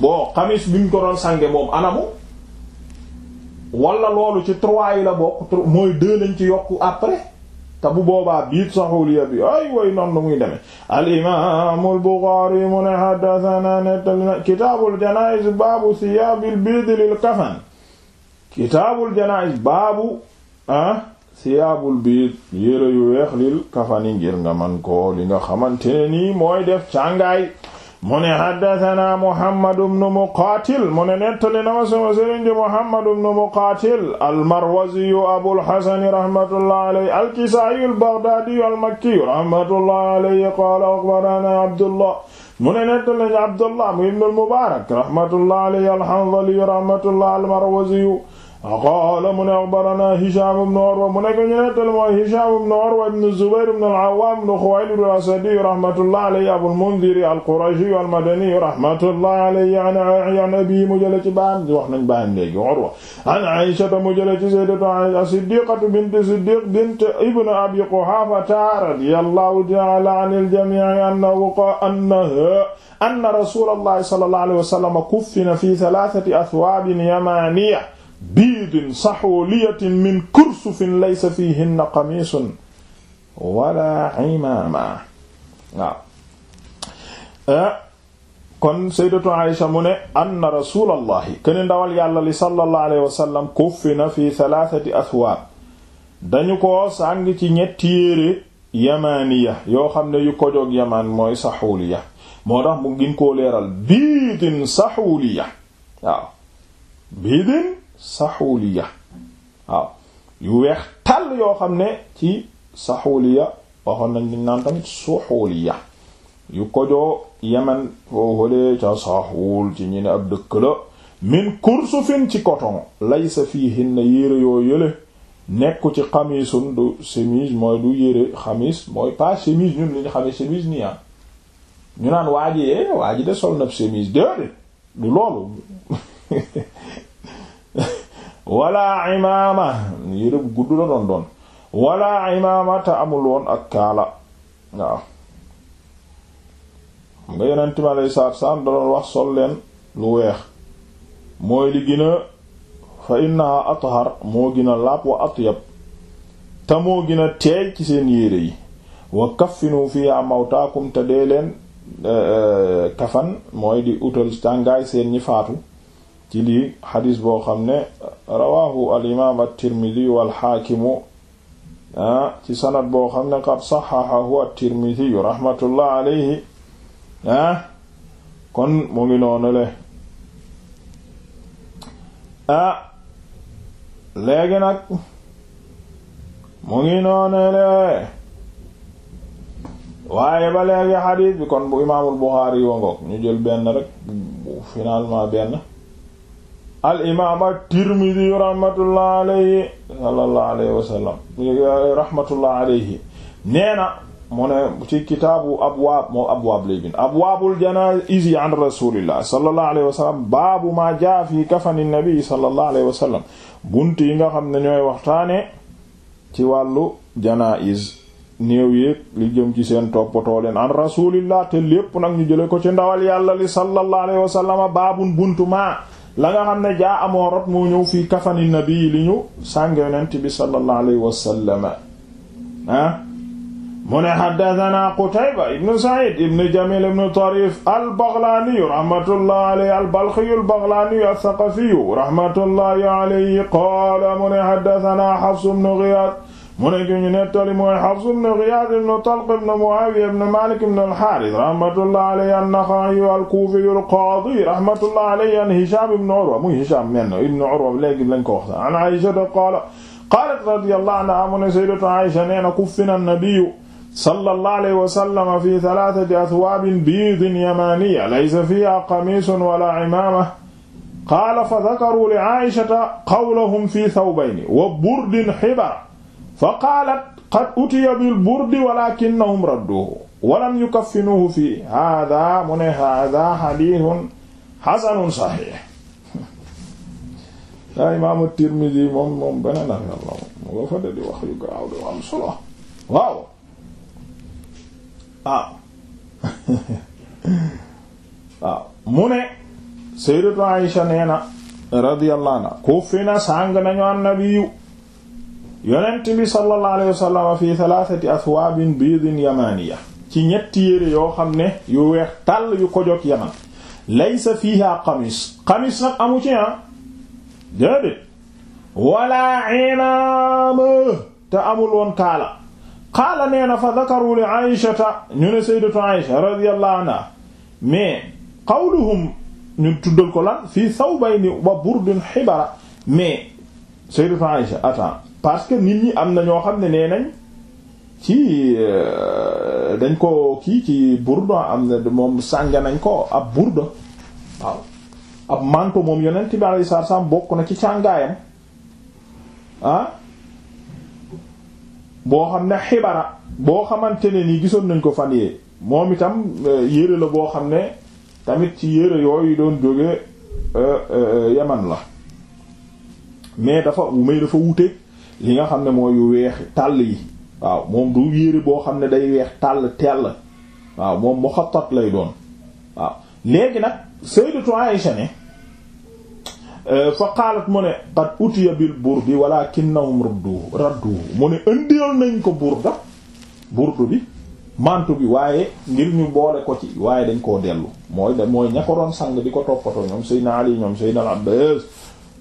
boo xamis bi ñu ko doon sànge moom anamu wala loolu ci trois yi la bokk mooy deux lañ ci yokku après te bu boobaa biit saxuliya bi ay way noonu muy demee al imam al Buxaari mu ne haddathana nettali kitaabul baabu siyaabil biid lil kafan kitaabul janaa'iz baabu ah siyaabul biid yére yu weex lil kafani ngir nga ko li nga xamante ne nii mooy def càngaay mu ne haddathana Muhammad ibn Muqaatil mu ne nettali na ma sama sëriñ Muhammad ibn Muqaatil al-Marwazi Abul Hasan rahmatullahi alayhi al-Kisaa'i al-Baghdaadi al-Makki rahmatullahi alayhi qaala akhbarana Abdullah mu ne nettali na Abdullah ibn al-Mubaarak rahmatullahi alayhi al-Hanzali rahmatullahi al-Marwazi qaala mu ne axbarana Hishaam ibn Urwa mu ne ko ñu nettal mooy Hishaam ibn Urwa ibn Zubayr ibn al-Awwaam ibn Xuwaylid al-Asadi rahmatullahi alayhi Abul Mundhir al-Qurashi al-Madani rahmatullahi alayhi an abiihi mu jële ci baayam wax nañ baayam léegi Urwa an Aysata mu jële ci sayyidatu Aysa Siddiqatu bint Siddiq bint ibn Abi Quhaafa radiyallahu ta'ala anil jamii' annahu annahaa anna rasuulallahi sallallahu alayhi wa sallam kuffina fi thalathati athwaabin yamaaniyya biidin saxuuliyatin min kursufin laysa fiihinna qamiisun wala imaama eh, kon sayyidatu Aisha mu ne anna rasulallahi kene ndawal yàlla li sallallahu alayhi wasallam kuffina fi thalathati athwaab dañu ko sàng ci ñetti yére yamaaniya yoo xam ne yu kojoog yamaan mooy saxuuliya moo tax gin koo leeral biidin saxuuliya biidin saxuliya waaw yu weex tàll yoo xam ne ci saxuliya waxoon nañ liñ naan tamit suxuliya yu kojoo yemen foofalee ca saxul ci ñi ne ab dëkk la min kursufin ci coton laysa fiihinna yére yoo yële nekku ci xamisun du chemise mooy du yére xamis mooy pas chemise li ñu xamee chemise nii ah ñu naan waa ji eh, waa ji de sol na chemise déedéet du loolu wala imaama yére bu gudd la doon doon wala imaama te amul woon ak kaala waaw nga yonent mi aleyhi salaatu salaam da doon wax sol leen lu weex mooy li gën a fa innaha athar moo gën laab wa atyab te moo gën teey ci seen yére yi wa kaffinu fiha mawtaakum te dee leen eh, eh, kafan mooy di utal tàngaay seen ñi faatu ci lii xadis boo xam ne rawaahu al imaam at-Tirmidi wal xaakimu ah ci sanad boo xam ne qad saxaxahu at-Tirmidi rahmatullah alayhi ah kon mu ngi noonu le ah léegi nag mu ngi noonu le waaye ba léegi xadis bi kon bu imaamul Buxaari yi ñu jël benn rek finalement benn al imaam at-Tirmidi rahmatullah alayhi sallallahu alayhi wa sallam rahmatullah alayhi nee na mu ne ci kitaabu abwaab moo abwaab lay abwaabul janaa'iz an rasulillah baabu maa jaa fi kafani nabi bunt yi nga xam ne ñooy waxtaane ci wàllu janaa'iz néew yéeg li jëm ci seen toppatoo leen an rasulillah te lépp nag ñu jële ko ci ndawal yàlla baabun buntu maa la nga xam ne jaa amoo rot moo ñëw fii kafani nabi li ñu sàng yonent bi sallallahu alayhi wa sallam ah mu ne xaddatanaa qutayba ibnu said ibnu jamil ibnu tarif albaghlaaniyu rahmatullahi alayhi albalxiyu albaghlaaniyu alsaqafiyu rahmatullahi alayhi qaala mu ne xaddatanaa xafsu ibnu giyaas mu ne ki ñu nettali mooy Hafs ibn Ghiyath ibn Talq ibn Muawiya ibn Malik ibn al-Harith rahmatullah alayhi an-Nakha'i al-Kufi al-Qadi rahmatullah alayhi an Hisham ibn Urwa muy Hisham men ibn Urwa léegi lañ ko wax sax an Aisha qala qalat radiyallahu anha mu ne sayyidatu Aisha nee na kuffina an-nabiyyu sallallahu alayhi wa sallam fi thalathati athwabin bidin yamaniyya laysa fiha qamisun wala imamah qala fa dhakaru li Aisha qawlahum fi thawbayni wa burdin hibara fa qaalat qad utiya bil burdi walakinnahum radduhu walam yukaffinuhu fi hada mu ne hada hadithun hasanun sahih daa imaamu Tirmidi moom moom beneen ak yàlla mu nga fa de di wax yu garaaw di am solo waaw waaw ah. waaw ah. mu ne sayyidatu Aisha nee na radiyallahu anha ku fi na sàng nañu annabiyu yonent bi sallallahu alayhi wa sallam fi thalathati athwaabin biidin yamaniya ci ñetti yére yoo xam ne yu weex tàll yu ko jot yaman laysa fiha xamis xamis nag amu ci ah déedéet wala inaam te amul woon kaala qaala nee na fa dakaru li aïshata ñu ne sayyidatu aïsha radiyallahu anha mais qawluhum ñu tuddal ko lan fii thawbayni wa burdin xibara mais sayyidatu aïsha attends parce que nit ñi am na ñoo xam ne nee nañ ci euh, dañ ko kii ci burda am na moom sànga nañ ko ab burda waaw ab manto moom yonent bi alayhi salaam bokk na ci càngaayam ah boo xam ne xibara boo xamante ne nii gisoon nañ ko fan yee moom itam euh, yére la boo xam ne tamit ci yére yooyu doon jóge euh, yaman la mais dafa may dafa wuteeg li nga xam ne mooy yu weex tàll yi waaw moom du yére boo xam ne day weex tàll tell waaw moom muxattat lay doon waaw léegi nag sayyidatu Aisha ne euh, fa qaalat mu ne qad utiya bil burdi walakinnahum radduhu radduhu mu ne indiwoon nañ ko burda burdu bi mantu bi waaye ngir ñu boole ko ci waaye dañ koo dellu mooy da mooy ña ko doon sang di ko toppatoo ñoom naa Ali ñoom Seydina Abbas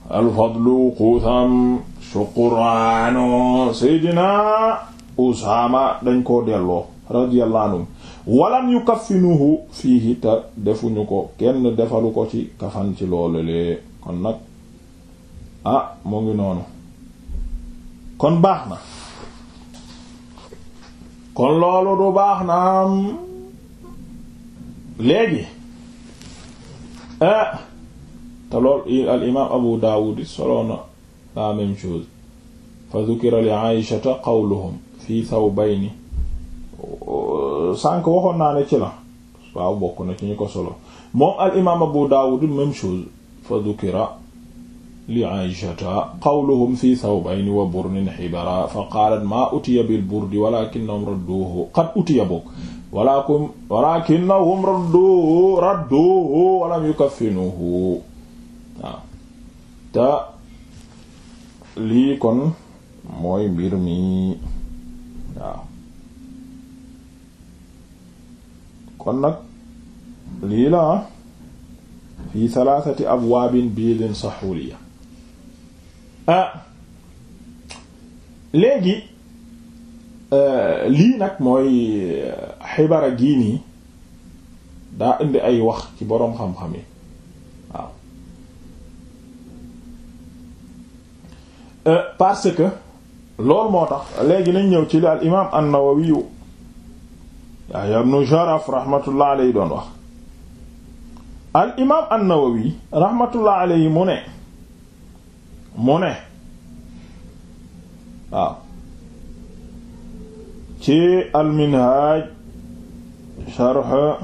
alfadlu xuusam suquraano seydina usaama dañ koo delloo radiyallahu anhu walam yukaffinuhu fiihi te defuñu ko kenn defalu ko ci kafan ci loolu lee kon nag ah mu ngi noonu kon baax na kon loolu du baax na am léegi eh, te lool al imaam abu daawud solo na la même chose fa dhukira li aishata qawluhum fii thawbayni sànq waxoon naa ne ci la waaw bokk na ci ñu ko solo moom al imaam abu daawud même chose fa dhukira li aishata qawluhum fi thawbayni wa burnin hibara fa qaalat maa utiya bil burdi walakinnahum radduhu qad utiya bokk walakinnahum radduhu radduhu wa lam yukaffinuhu te lii kon mooy mbir mi waaw kon nag lii la ah. fi thalathati abwaabin biidin saxuliya ah léegi euh, lii nag mooy euh, xibara gii nii daa indi ay wax ci boroom xam-xam yi Euh, parce que loolu moo tax léegi nañ ñëw ci li al imaam an-Nawawi Yahya ibn Sharaf rahmatullah alayhi doon wax al imaam an-Nawawi rahmatullah alayhi mu ne mu ne waaw ci al-Minhaj sharh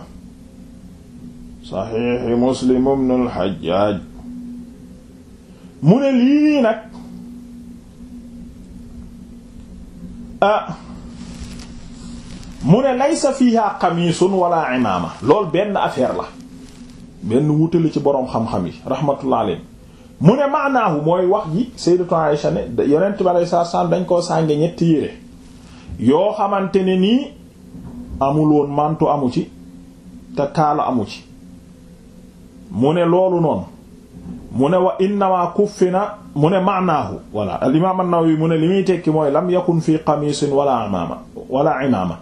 Sahih Muslim ibn al mu ne lii nii nag ah mu ne laysa fiha xamiisun wala imaama lool benn affaire la benn wutali ci boroom xam-xam yi rahmatullah alayhi mu ne maanaahu mooy wax ji sayyidatu Aisha ne yonent bi alayhi salaam dañ koo sànge ñetti yére yoo xamante ne nii amul woon mantu amu ci te kaala amu ci mu ne loolu noonu mu ne wa innamaa kuffina mu ne maanaahu voilà al imaam an-Nawawi mooy lam yakun fii qamisin wala imaama wala imaama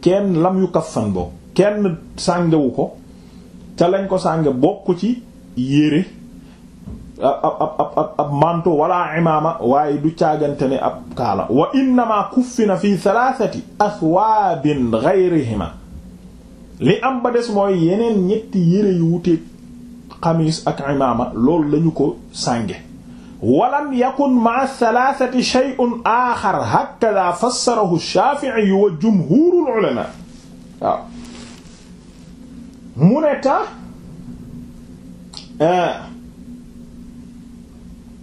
kenn lam yu kaffan boo kenn sàngewu ko ca lañ ko sànge bokk ci yére ab ab ab ab manto wala imaama waaye du caagante ab kaala wa innamaa kuffina fii thalathati aswaabin ghayrihima li am des mooy yeneen ñetti yére yu wuteek xamiis ak imaama loolu lañu ko sànge walam yakun maa thalathati shay'un axar hakada fassarahu shaafi'i wa jumhurul ulama waaw mu ne ta eh,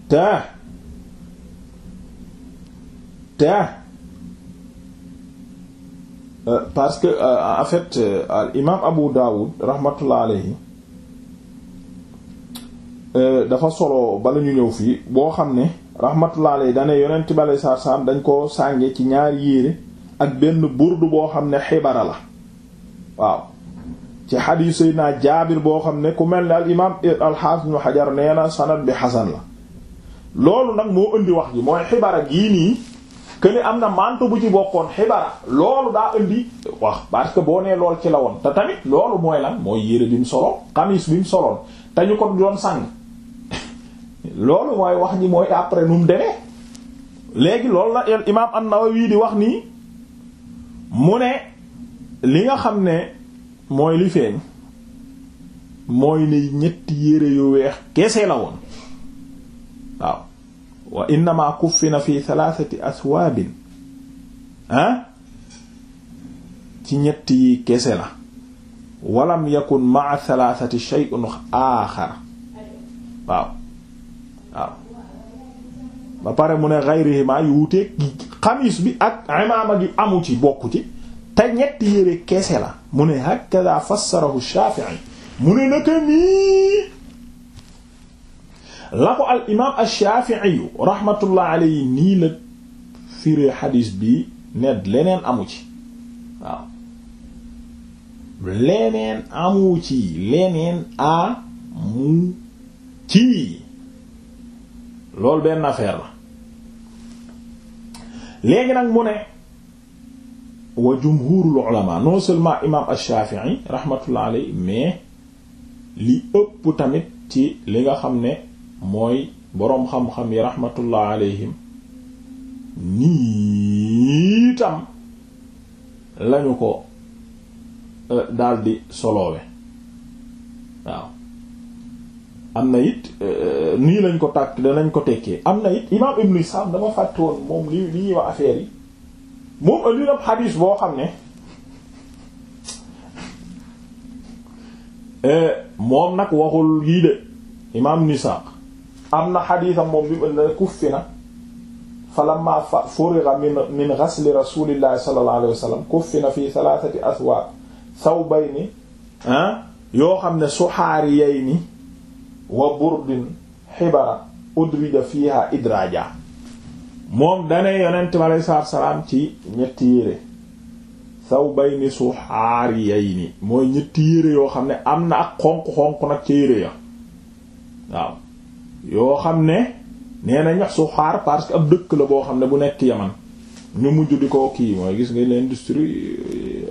ta ta eh, parce que eh, en fait al imam Abu Dawud rahmatullah alayhi Euh, dafa solo bala ñu ñëw fii boo xam ne rahmatullah alayhi dane yonent bi alayhi salaatu salaam dañ ko sànge ci ñaari yére ak benn burdu boo xam ne xibara la waaw ci xadiis naa Jaabir boo xam ne ku mel ne al imaam al-Hafiz Ibn Hajar nee na sanad bi xasan la loolu nag moo indi wax ji mooy xibara gii nii que am na manto bu ci bokkoon xibara loolu daa indi wax parce que boo nee lool ci la woon te tamit loolu mooy lan mooy yére bi mu solo xamis bi mu soloon te ñu ko doon loolu mooy wax ni mooy après nu mu demee léegi loolu la imaam an-Nawawi di wax nii mu ne li nga xam ne mooy li feeñ mooy ne ñetti yére yu weex kese la woon waaw wa innama kuffina fi thalathati aswaabin ah ci ñetti yi kese la walam yakun ma'a thalathati shay'un aaxar waaw waaw ba pare mu ne xayrihima yu wuteeg xamis bi ak imaama gi amu ci bokku ci te ñetti yére kese la mu ne hakaza fassarahu Shafi'i mu ne naka nii la al imaam ash-Shafi'i rahmatullah alayhi nii la firee xadiis bi ne leneen amu ci waaw leneen amu ci leneen amu ci loolu benn affaire la léegi nag mu ne wa jumhurul ulama non seulement imam ash-Shafi'i rahmatullah alayhi mais li ëpp tamit ci li nga xam ne mooy boroom xam-xam yi rahmatullah alayhim nii lañu ko euh, daldi soloowe waaw am na it euh, nii lañ ko tàkk danañ ko tekkee am na it imaam Ibn Isxaaq dama fàtte woon moom li li ñuy wax affaire yi moom xadiis boo xam ne euh, moom nag waxul yii de imaam Ibn am na xadiisam moom bi mu indi na kuffi na falamma furiga min min ghasli rasulillahi sallallahu alayhi wasallam kuffi na fi thalathati aswaab thawbayni ah, yoo xam ne suxaariyayni wa burdin xibara udrija fiha idraja moom dane yonent ma aleyhi salaatu salaam ci ñetti yére saw bay ni su xaari yay ni mooy ñetti yére yoo xam ne am na ak xonq-xonq nag ca yére ya waaw yoo xam ne nee na ñax su xaar parce que ab dëkk la boo xam ne bu nekk yaman ñu mujj di ko kii mooy gis nga l'industrie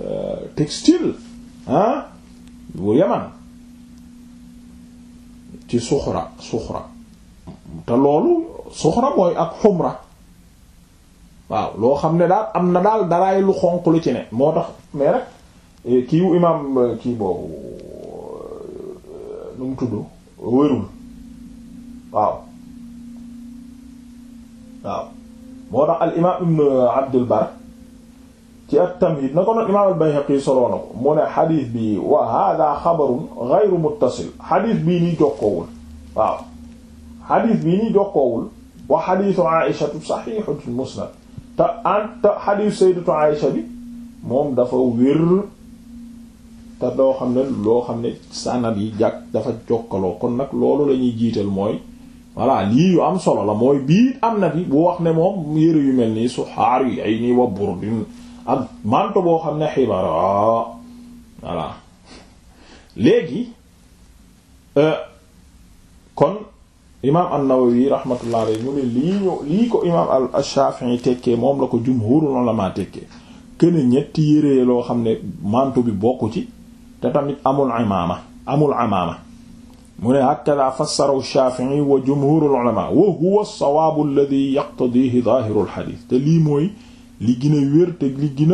euh, textile bu yaman ci suxra suxra te loolu suxra mooy ak xumra waaw loo xam ne daal am na daal daraay lu xonq lu ci ne moo tax mais rek eh, kiiwu imaam eh, kii boobu eh, nu mu tudd wérul waaw waaw moo tax al imaam ibn Abdul Bar ci at-Tamhiid na ko noon imaam al-Bayhaqi na ko mu ne xadiis bi wa haadaa xabarun ghayru bii nii jokkoowul waaw xadiis bii nii jokkoowul wa xadiisu Aïsha saxiixun fil musnad te en te xadiis sayyidatu bi moom dafa wér te doo ne loo xam ne sanad yi jàkk dafa jokkaloo kon nag loolu la ñuy jiital mooy voilà lii yu am solo la mooy bi am na bi bu wax ne moom yëre yu mel ni su xaar yi ay nii wa burdin ak manto boo xam ne xibara ah, voilà léegi euh, kon imaam an-Nawawi rahmatullah alayhi mu ne lii ñu lii ko imaam al-Shafi'i tekkee moom la ko jumhurul ulama tekkee këne ñetti yére loo xam ne manto bi bokk ci te tamit amul imaama amul imaama mu ne hakada fassarahu Shafi'i wa jumhurul ulama wa huwa as-sawabu alladhi yaqtadihi dhahirul hadith te lii mooy li gën a wér te li gën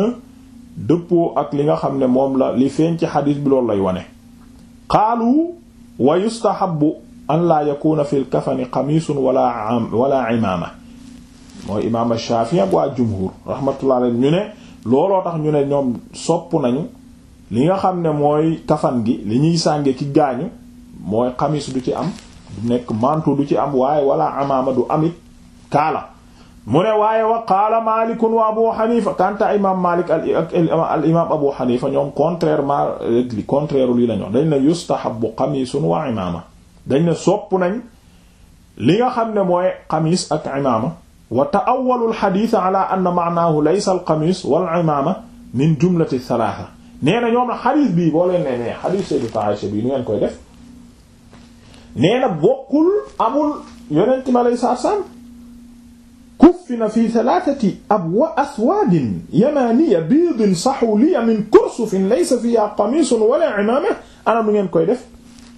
dëppoo ak li nga xam ne moom la li feeñ ci xadis bi loolu lay wane qaalu wa yustahabu an laa yakuna fi lkafani xamisun wala wala imaama mooy imaam Shaafi'i ak waa jumhur rahmatullah alayhi ñu ne looloo tax ñu ne ñoom sopp nañu li nga xam ne mooy kafan gi li ñuy sànge ki gaañu mooy xamis du ci am du nekk mantu du ci am waaye wala amaama du amit kaala mu ne waaye wa qaala malikun wa abu xanifa kanta imam malik al imam abu xanifa ñoom contrairement li contraire lii la ñu wax dañ ne yustahabu xamisun wa imaama dañ ne sopp nañ li nga xam ne mooy xamis ak imaama wa ta'awwalu al-hadith ala anna ma'nahu laysa al-qamis wal-imaama min jumlati nee na ñoom xadis boo leen ne ne xadis Sayyidatu Aisha ngeen koy def nee na bokkul kuffina fi ab abwa aswadin yamaniya biidin sahuliya min kursufin laysa fiha qamisun wala imama ana nu ngeen koy def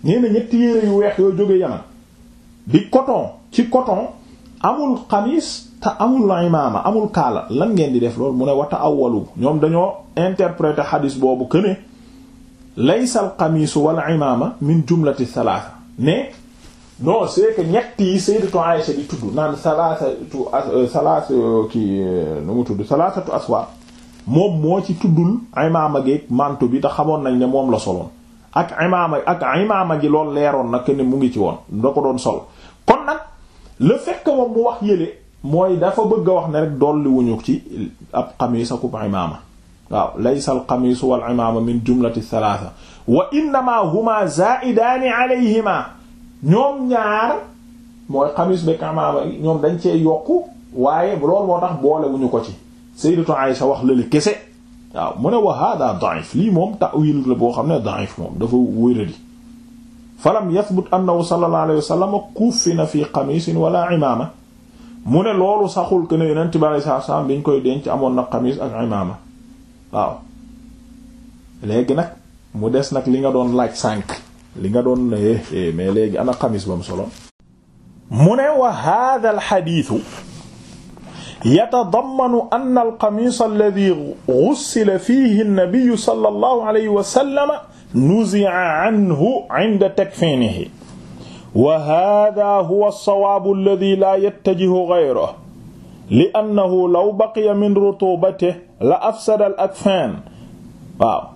nee na ñetti yére yu weex yoo jóge yaman di coton ci coton amul xamis te amul imaama amul kaala lan ngeen di def loolu mu ne wata awwalu ñoom dañoo interpréter xadis boobu que ne laysa al xamisu wal imaama min jumlati thalatha mais non c'est que ñett yi sayyidatu Aïsha di tudd naan salaasatu euh, salaatu euh, kii euh, nu mu tudd salaasatu aswa moom moo ci tuddul imaama gi manto bi te xamoon nañ ne moom la soloon ak imaama ak imaama gi loolu leeroon nag ne mu ngi ci woon da ko doon sol kon nag la fekk moom mu wax yële mooy dafa bëgg a wax ne rek dolli wuñu ci ab xamiis akub imaama waaw laysa al xamiisu wal imaama min jumlati salaasa wa innama huma zaidaani alayhima ñoom ñaar mooy xamis beeg amaama ñoom dañ cee yokku waaye loolu moo tax boolewuñu ko ci sayyidatu sa wax lële kese waaw mu ne wa hada da'if lii moom ta'wil la boo xam ne da'if moom dafa wéradi falam yathbut annahu sallallahu alayhi wa sallam kuffina fi qamisin wala imaama mu ne loolu saxul que ne yonent bi alayhi salaatu salaam biñ koy denc amoon na xamis ak imaama waaw léegi nag mu des nag li nga doon laaj sànq li nga doon eh, mais léegi ana xamis ba mu soloon mu ne wa hada alxaditu yatadammanu ann alqamis alladi gussila fihi nnabiyu sala allahu alayhi wa sallama nuzi'a anhu inda takfinihi wa hada huwa alsawaabu alladi la yattajihu gayruhu li annahu law baqiya min rutubatihi la afsada al akfaan waaw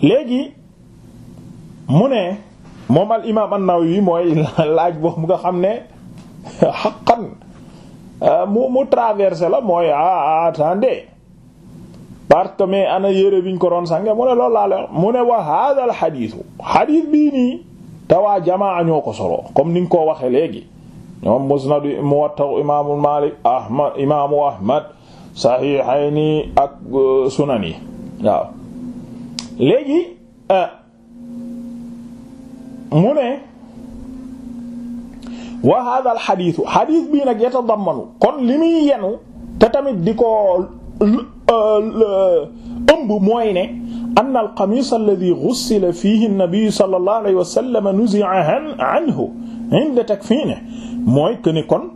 léegi mu ne moom al imaam an-Nawawi mooy laaj boobu nga xam ne xaqan euh, mu mu la mooy ah, ah attendez parce que mais ana yére biñ ko doon sànge mu ne loolu laa mu ne wa hada al xadiisu xadiis bii nii jamaa ñoo ko solo comme ni nga ko waxee léegi ñoom musnad muwatta imaamu Maalik imaamu Ahmad saxiixayni ak euh, sunan yi mu ne wa hadha al xadiisu xadiis bii nag yatadammanu kon li muy te tamit di ko ëmb mooy ne an al qamis alladhi ghussila fihi an-nabi sallallahu alayhi wa sallam nuzi'a anhu inda takfinihi mooy que kon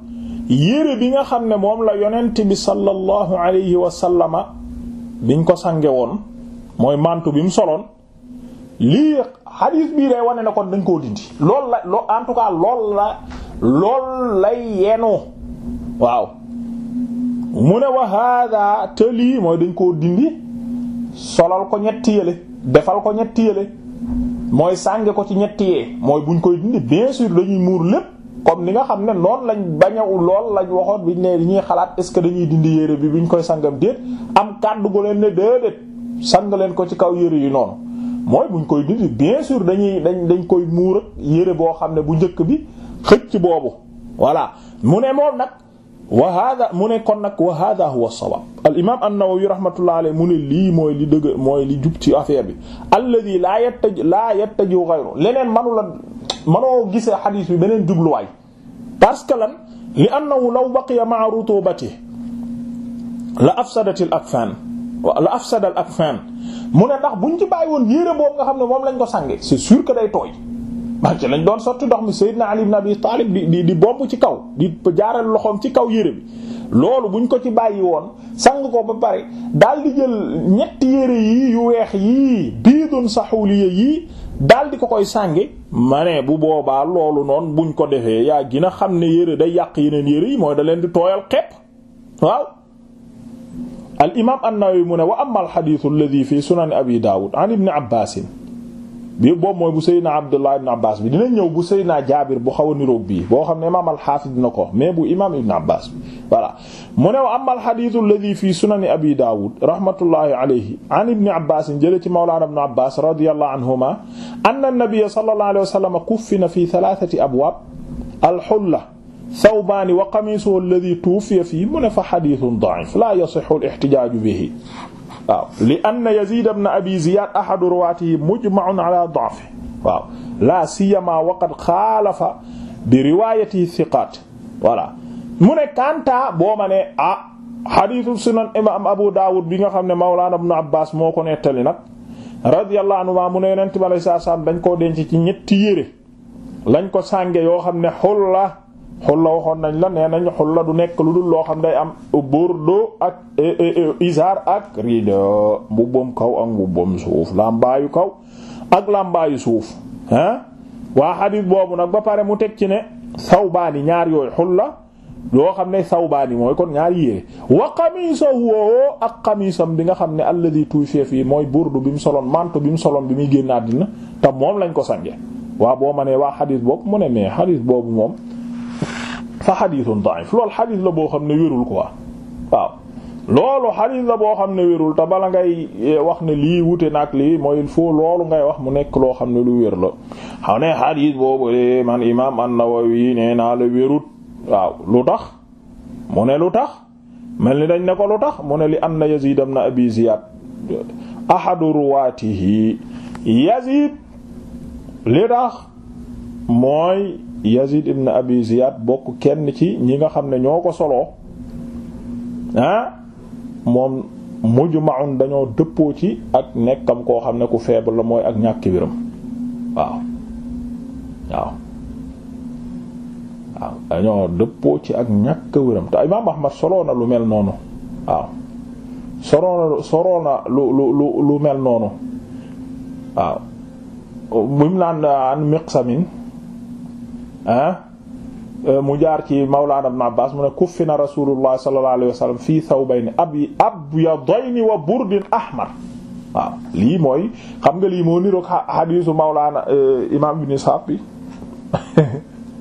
yére bi nga xam ne moom la yonent bi sallallahu alayhi wa sallama biñ ko sange woon moy mantu bi mu soloon lii xadiis bii day wane ne kon dañ koo dindi lool la loo en tout cas lool la lool lay yenu waaw mu ne wa hada te mooy dañ koo dindi solal ko ñetti yële defal ko ñetti yële mooy sànge ko ci ñetti yee mooy buñ koy dindi bien sûr dañuy muur lépp comme ni nga xam ne noon lañ bañaw lool lañ waxoon biñ ne dañuy xalaat est-ce que dañuy dindi yére bi bu buñ koy sangam déet am kàddu ko leen ne déedéet sang leen ko ci kaw yére yi noonu mooy buñ koy dindi bien sûr dañuy dañ dañ koy muur ak yére boo xam ne bu njëkk bi xëcc boobu voilà mu ne moom nag wa hada mu ne kon nag wa hada huwa sawab al imam an-Nawawi rahmatullah alayhi mu ne lii mooy li dëgg mooy li jub ci affaire bi alladi laa yattaji laa yattaji leneen manu la manoo gise xadiis bi beneen jubluwaay parce que lan li annahu law baqiya ma'a rutubatihi la afsadatil akfan la afsadal ak fin mu ne ndax buñ ci bàyyi woon yére boobu nga xam ne moom lañ ko sànge c'est sûr que day tooy man ci lañ doon sotti ndox mi Seydina Ali na Abi Talib di di di bomb ci kaw di jaaral loxoom ci kaw yére bi loolu buñ ko ci bàyyi woon sang ko ba pare dal di jël ñetti yére yii yu weex yii biidun saxuliya yi daal di ko koy sànge ma ne bu boobaa loolu noonu buñ ko defee yaa gina xam ne yére day yàq yeneen yére yi mooy da leen di tooyal xepp al imaam an-Nawawi mu ne wa amma al-hadith alladhi fi sunan abi Dawud an ibn Abbas bi boobu mooy bu Seydina Abdullah ibn Abbas bi dina ñëw bu Seydina Jaabir bu xaw a niroog bii boo xam ne imaam al-Hafiz dina ko mais bu imaam ibn Abbas bi voilà mu ne wa amma al-hadith alladhi fi sunan abi Dawud rahmatullahi alayhi an ibn Abbas jële ci mawlana ibn Abbas radiyallahu anhuma anna an-nabiy sallallahu alayhi wa sallam kuffina fi thalathati abwab al-hulla Sawbaani wa qamiisuhu alladhi tuwuffiya fiihi mu ne fa hadiithun da'iif laa yasihhu al-ihtijaaju bihi waaw li anna Yaziid ibn Abi Ziyaad ahadu ruwaatihi mujma'un alaa da'fihi waaw laa siyamaa wa qad xaalafa bi riwaayatihi thiqaat voilà mu ne Kantaa boo ma ne ah hadiisu sunan imaam Abu Daawud bi nga xam ne Mawlaana Ibn Abbaas moo ko nettali nag radiyallahu anhumaa mu ne Yonent bi alayhi salaam dañ koo denc ci ñetti yére lañ ko sànge yoo xam ne xulla xulla waxoon nañ la nee nañ xulla du nekk lu dul loo xam day am bordeaux ak eh, eh, eh, isaar ak rido mbubbam kaw ak mbubbam suuf làmbaayu kaw ak làmbaayu suuf ah waa xadis boobu nag ba pare mu teg ci ne sawbaani ñaar yooyu xulla yoo xam ne sawbaani mooy kon ñaar yére wa xamisa woo ak xamisam bi nga xam ne alladi touché fii mooy burdu bi mu soloon manto bi mu soloon bi muy génn àddina te moom lañ ko sange waa boo ma ne waa xadis boobu mu ne mais xadis boobu moom fa xadiisun da'if loolu xadiis la boo xam ne wérul ko waaw loolu xadiis la boo xam ne wérul ta bala ngay e, wax ne lii wute nag lii mooy il faut loolu ngay wax mu nekk loo xam ne lu wér la xam ne xadiis boobu de man imaam an-Nawawi nee naa la wérut waaw lu tax mu ne lu tax mel ni dañ ne ko lu tax mu ne li anna Yazid ibn Abi Ziyad ahadu ruwaatihi Yazid li tax mooy Yazid ibn Abi Ziyad bokk kenn ci ñi nga xam ne ñoo ko soloo ah moom mujma'un dañoo dëppoo ci ak nekkam koo xam ne ku faible la mooy ak ñàkk biram waaw waaw dañoo dëppoo ci ak ñàkk wéram te imaam Ahmad soloo na lu mel noonu waaw soroona lu lu lu mel noonu waaw mu naan an miqsamin ah mu jaar ci mawlaana ibn Abbaas mu ne kuffina rasulullah sallallahu alayhi wa sallam fii thawbayni abi abyadayni wa burdin ahmar waaw lii mooy xam nga lii moo niroog hadiisu mawlaana euh, imaam ibn Ishaaq bi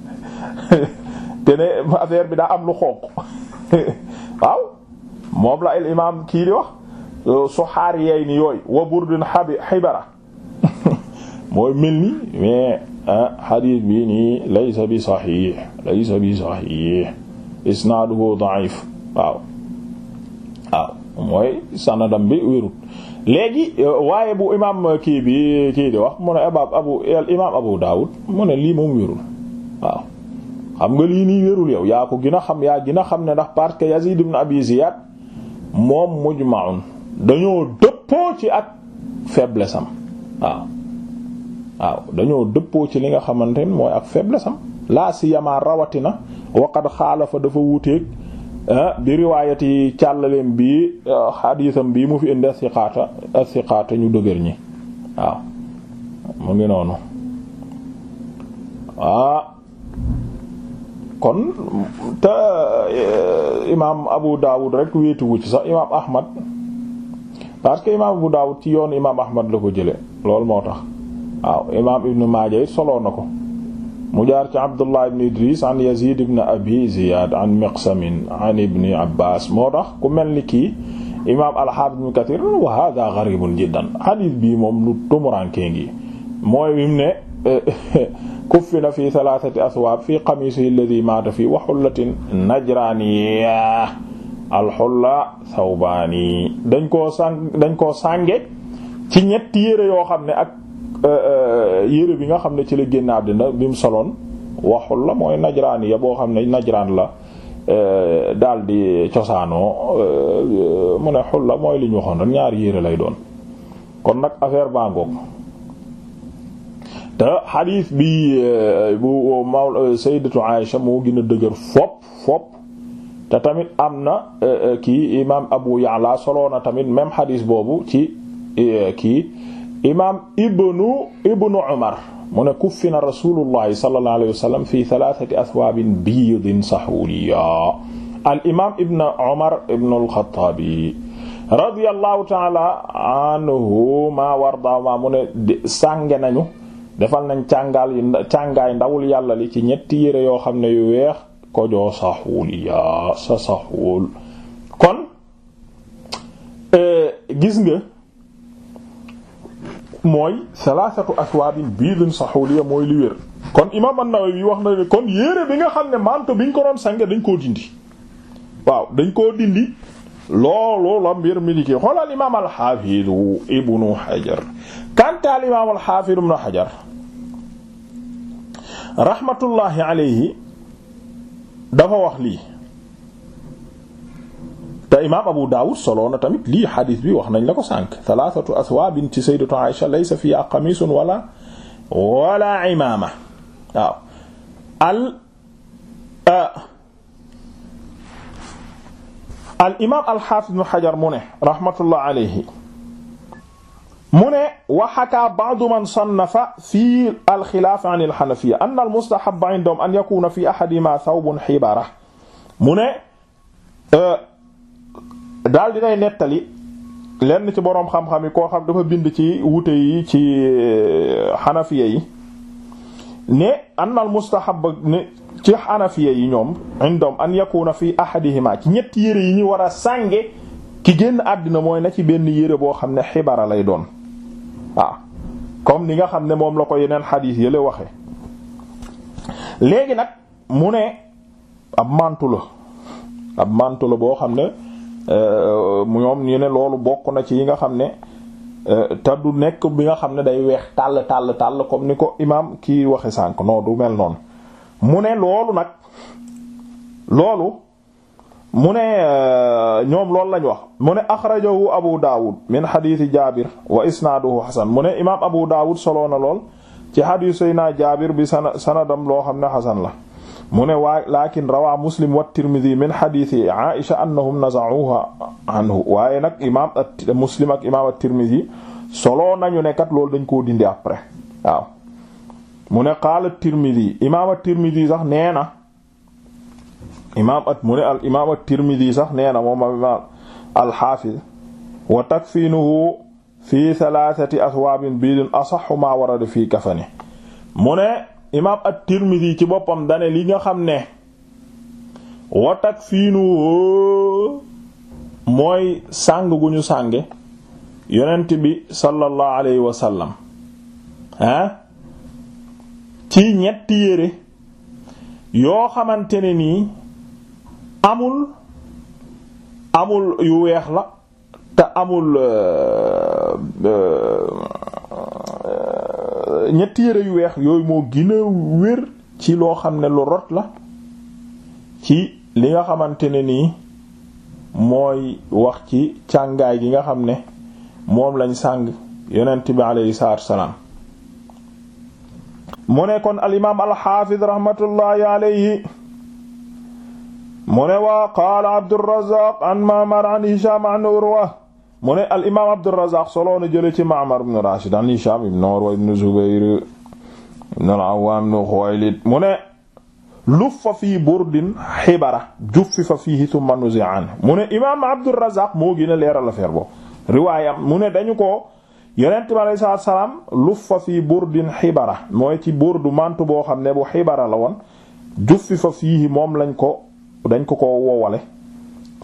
te ne affaire bi daa am lu xonq waaw moom la al imaam kii di wax euh, su xaar yeey ni yooyu wa burdin xibara mooy mel ni mais ah, xadiis bi nii laysa bi saxiix laysa bi saxiix isnaaduhu da'if waaw waaw mooy sanadam bi wérut léegi euh, waaye bu imaam kii bi kii di wax mu ne abab abu daawud mu ne lii moom wérul waaw xam nga lii nii wérul yow yaa ko gën a xam yaa gina xam ne ndax parce que yazid ibn abi ziyad moom mujma'un dañoo dëppoo ci ak faiblesse waaw waaw dañoo dëppoo ci li nga xamante ne mooy ak faiblesse laa si yamaa rawatina waqad xaalafa dafa wuuteeg ah, bi riwaayati càllaleem bii ah, xadiisam bii mu fi indi asiqaata asiqaata ñu dëgër ñi waaw mu ngi noonu ah kon te eh, imaam Abu daawut rek wéetuwu ci sax imaam Ahmad parce que imaam Abu Dawud ci yoonu imaam Ahmad la ko jële loolu moo tax waaw imaam ibnu maaja it soloo na ko mu jaar ci abdullah ibn idris an yazid ibn abi ziyad an miqsamin an ibni abbas moo tax ku mel ni kii imaam alxaafis ibn kathir wa hada garibun jiddan xadiis bii moom lu tumurankee ngi mooy bi mu ne kuffina fi thalathati aswaab fi qamisihi alladhi maata fi wa hullatin najraniya alxulla thawbaani dañ koo sàng dañ koo sànge ci ñetti yére yoo xam ne ak Euh, yére bi nga xam ne ci la génn àddina bi mu soloon waxul la mooy najraan ya boo xam ne najraan la euh, daal di cosaanoo euh, mu ne xul la mooy li ñu waxoon rek ñaari yére lay doon kon nag affaire baa ngoog te xadiis bi bu maw sayyidatu Aïsha moo gën a dëgër fopp fopp te tamit am na kii imaam Abu Ya'la soloona tamit même xadiis boobu ci kii imaam ibnu ibnu umar mu ne kuffina rasulullahi sallallahu alayhi wa sallam fi thalathati athwaabin biidin sahuliyya al imaam ibnu umar ibnu al-Khattabi radiyallahu taala anhuma wardaahuma mu ne sànge nañu defal nañ càngaal yi càngaay ndawul yàlla li ci ñetti yére yoo xam ne yu weex ko joo saxuliya sa saxul kon eh, gis nga mooy salaasatu aswaabin biidun saxuliya mooy li kon imaam an-Nawawi wax na ne kon yére bi nga xam ne manto bi ñu ko doon sange dañ koo dindi waaw dañ koo dindi loolu la mbir mi di kii xoolal imaam al-Haafiz ibnu Hajar kantaal imaam al-Haafiz ibnu Hajar rahmatullahi alayhi dafa wax lii te imaam Abu Dawud solo na tamit lii xadis bi wax nañ la ko sànq thalathatu aswaabin ci sayyidatu Aisha laysa fiha qamisun wala wala imaama waaw al ah, al imaam al-Hafiz ibn Hajar mu ne rahmatullah alayhi mu ne wa haka ba'du man sannafa fi al-khilaaf an al-hanafiyya anna al-mustahab 'indahum an yakuna fi ahadihima thawbun hibara mu ne ah, daal dinay nettali lenn ci boroom xam-xam yi koo xam dafa bind ci wute yi ci xanafiya euh, yi ne anna al mustahab ne ci xanafiya yi ñoom indom an na fi ahadihima ci ñetti yére yi ñu war a sànge ki génn àddina mooy na ci benn yére boo xam ne xibara lay doon waaw ah, comme ni nga xam ne moom la ko yeneen xadiis yële waxe léegi nag mu ne ab mantu la ab mantu la boo xam ne Euh, ñoom ñu ne loolu bokk na ci yi nga xam ne euh, te nekk bi nga xam ne day weex tàll tàll tàll comme ni ko imaam kii waxe sànk non du mel noonu mu ne loolu nag loolu mu ne euh, ñoom loolu lañu wax mu ne axrajahu abu daawud min xadiisi jaabir wa isnaaduhu xasan mu ne imaam abu daawud na lool ci xadiis sayna jaabir bi sana sanadam loo xam ne xasan la mu ne waa lakin rawaa muslim wa tirmidi min xadiisi aisha annahum naza'uha anhu waaye nag imam muslim ak imam at-tirmidi solo nañu ne kat loolu dañ koo dindi après waaw mu ne qaala at-tirmidi imam at-tirmidi sax nee na imam at mu al imam at-tirmidi sax nee na moom imam al-hafiz wa takfinuhu fi thalathati athwabin bidin asahhu ma warada fi kafani imaam at-Tirmidhi ci boppam dane li nga xam ne wa takfiinuhu mooy sàng gu ñu sànge yonent bi sallallahu alayhi wa sallam ci ñetti yére yoo xamante ne nii amul amul yu weex la te amul euh, euh, ñetti yére yu weex yooyu moo gën a wér ci loo xam ne lu rot la ci li nga xamante ne nii mooy wax ci càngaay gi nga xam ne moom lañ sàng yonent bi aleyhi salaatu wassalaam mu ne kon alimaam alxaafid raxmatullaahi aleyhi mu ne waa qaala abdurrazaaq an maamar an hishaam an urwa mu ne al imaam Abdurrazaaq solo na jële ci Ma'mar ibn Rashid an Hishaam ibn Urwa ibn Zubayr ibn al-Awwaam ibn Xuwaylid mu ne luffa fii burdin xibara juffifa fiihi thumma nuzi'a anhu mu ne imaam Abdurrazaaq moo gën a leeral affaire boobu riwaayam mu ne dañu ko yonent bi alayhi salaatu wa salaam luffa fii burdin xibara mooy ci burdu mantu boo xam ne bu xibara la woon juffifa fiihi moom lañ ko dañ ko ko wowale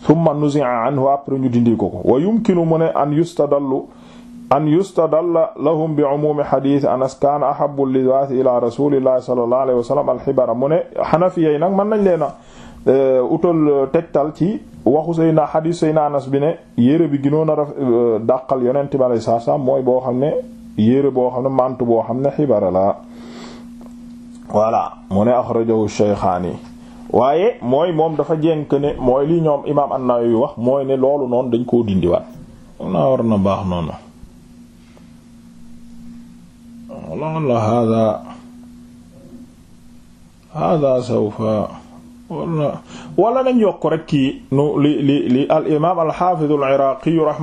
thumma nuzi'a anhu après ñu dindi ko ko wa yumkinu mu ne an yustadallu an yustadalla lahum bi umumi hadith anas kaana ahabbu liwaas ila rasulillahi sallallahu alayhi wa sallam alxibara mu ne xanafiya yi nag mën nañ leena euh, utal euh, tegtal ci waxu sayna hadith sayna anas bi ne yére bi ginoon a raf euh, dàqal yonent bi alayhi salaam mooy boo xam ne yére boo xam ne mantu boo xam ne xibara la voilà mu ne axrajahu shaykhaani waaye mooy moom dafa jénk ne mooy li ñoom imaam an wax mooy ne loolu noonu dañ koo dindi naa war na baax noonu la hada hada sawfa wala nañ yokk rek nu li li li al imaam al xaafiz wax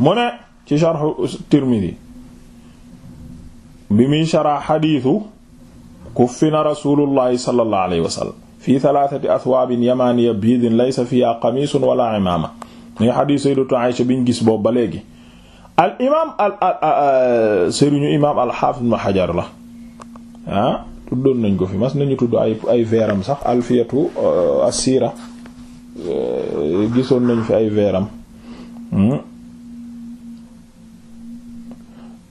mu ne ci sharhu Tirmidi bi muy shara xadiisu kuffina rasuulullahi sallallahu alayhi fi thalathati aswaabin yamaniya biidin laysa fiha qamisun wala imaama muy xadiis sayyidatu Aysha biñ gis boobu ba léegi al imaam al al sëriñu al xaafis ma xajar la ah nañ ko fi mas nañu tudd ay ay veeram sax alfiyatu euh, assira euh, gisoon nañ fi ay veeram hmm?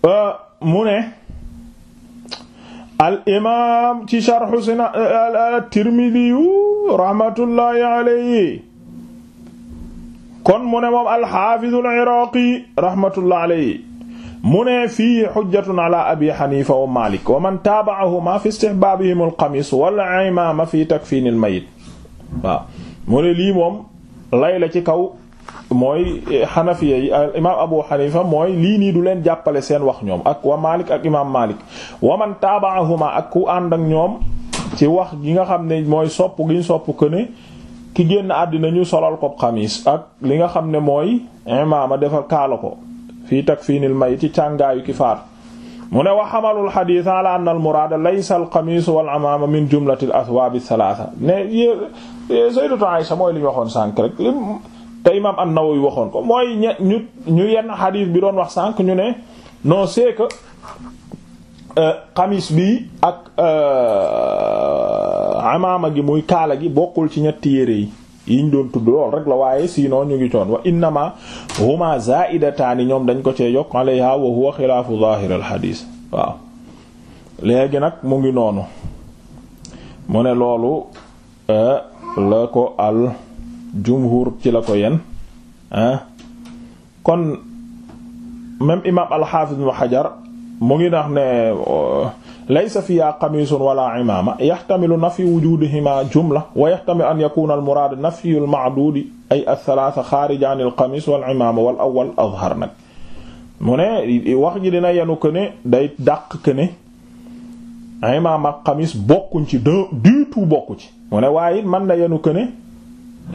euh, mu al imaam ci sharxu sina al tirmidiyu rahmatullahi alayhi kon mu ne moom alxaafizu al iraaqi rahmatullahi alayhi mu ne fii xujjatun ala abi xanifa wa malik wa man taaba'ahuma fi istihbaabihim alqamis wal imaama fi takfiin almayit waaw mu ne lii moom lay la ci kaw mooy xanafiya eh, yi eh, imaam Abu Hanifa mooy lii nii du leen jàppale seen wax ñoom ak wa Malik ak imaam Malik wa man tabaahuma ak ku ànd ak ñoom ci wax gi nga xam ne mooy sopp gi ñu sopp ki génn àddina ñu solal ko xamiis ak li nga xam ne mooy imaama defar kaala ko fii takfiinil may ci càngaayu ki faat mu ne wa xamalul xadiis ala anna al muraada laysa al xamiis amaama min jumlatil aswaab as-salaasa mooy li waxoon sànk rek te imaam an-Nawawi waxoon ko mooy ñe ñu ñu yenn xadiis bi doon wax sànq ñu ne non c'est que euh, bi ak euh, amaama gi muy kaala gi bokkul ci ñetti yére yi yiñ doon tudd lool rek la waaye sinon ñu ngi coon wa innama huma zaidataani ñoom dañ ko cee yokk alayha wa huwa xilaafu zahir al xadiis waaw léegi nag mu ngi noonu mu ne loolu euh, la ko al jumhur ci la ko yen ah kon même imam alxaafis ibn xajar mu ngi nax ne oh, laysa fiha qamisun wala imaama yaxtamilu nafyu wujudihima jumla wa yaxtamilu an qamis wal dàq que ne ci du tout bokku ci mu ne waaye it na yenu que ne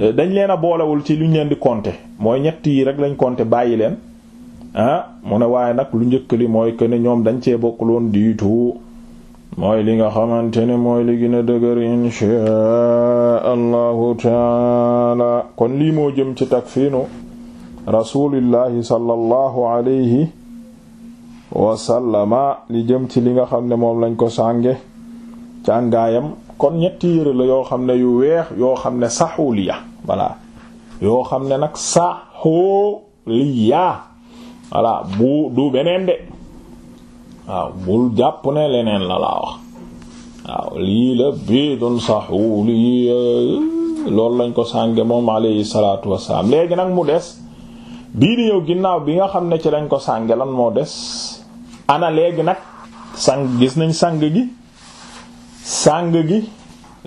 Euh, dañ leen a boolewul ci luñ leen di compter mooy ñett yii rek lañ compter bàyyi leen ah mu ne waaye nag lu njëkk li mooy que ne ñoom dañ cee bokkuloon du tout mooy li nga xamante ne mooy li gën a dëgër inshaa allahu taala kon lii moo jëm ci takfiinu rasulillahi sallallahu alayhi wasallama li jëm ci li nga xam ne moom lañ ko sànge càngaayam kon ñetti yére la yoo xam ne yu weex yoo xam ne saxuliya voilà yoo xam ne nag saxuliya voilà bu du beneen de waaw bul jàpp ne leneen la laa wax waaw lii la biidun saxuliya loolu lañ ko sànge moom alayhi salaatu wassalaam léegi nag mu des bii di ñëw ginnaaw bi nga xam ne ci lañ ko sànge lan moo des ana léegi nag sang gis nañ sàng gi sàng gi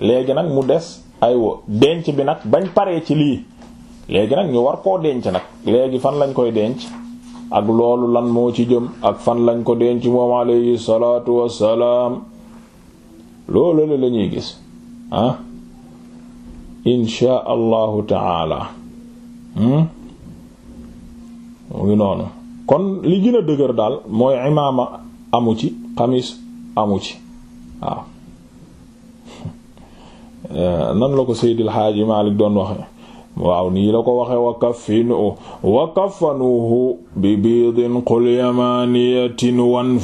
léegi nag mu des aywa denc bi nag bañ paree ci lii léegi nag ñu war koo denc nag léegi fan lañ koy denc ak loolu lan moo ci jëm ak fan lañ ko denc moom alayhi salaatu wassalaam loolu la la ñuy gis ah insha allahu taala hmm? mu ngi noonu kon li gën dëgër daal mooy imaama amu ci xamis amu ci waaw Eh, nan la ko Seydil Haaji Maalik doon waxe waaw nii la bi biidin qul yamaniyatin wan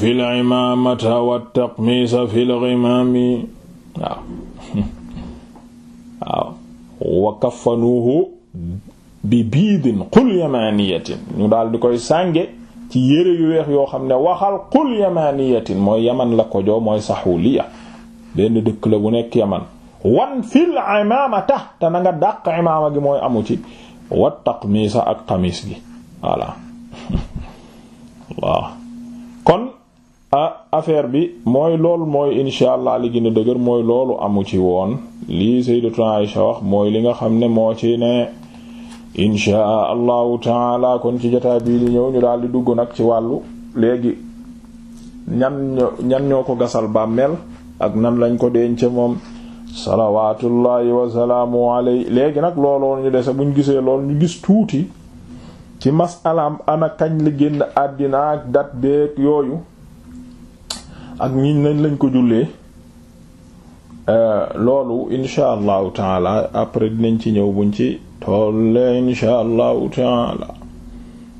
daal di koy sànge ci yére yu weex yoo xam ne waxal qul yamaniyatin mooy yaman la ko joo mooy saxuliya benn dëkk la bu nekk yaman wan fil imaama tax te na nga dàq imaama gi mooy amu ci wat taqmisa ak xamis gi voilà waaw kon affaire bi mooy loolu mooy insha allah li gën dëgër mooy loolu amu ci woon lii sayyidatu Aisha wax mooy li nga xam ne moo ci ne insha allahu taala kon ci jotaay bii di ñëw ñu daal di dugg nag ci wàllu léegi ñan ñan ñoo ko gasal bàmmeel ak nan lañ ko denc moom salawaatullahi wasalaamu aley léegi nag looloon ñu dese ñu gisee lool ñu gis tuuti ci masalaam ana kañ la génn àddina ak dat beeg yooyu ak ñi nañ lañ ko jullee euh, loolu insha allahu taala après dinañ ci ñëw buñ ci tollee insha allahu taala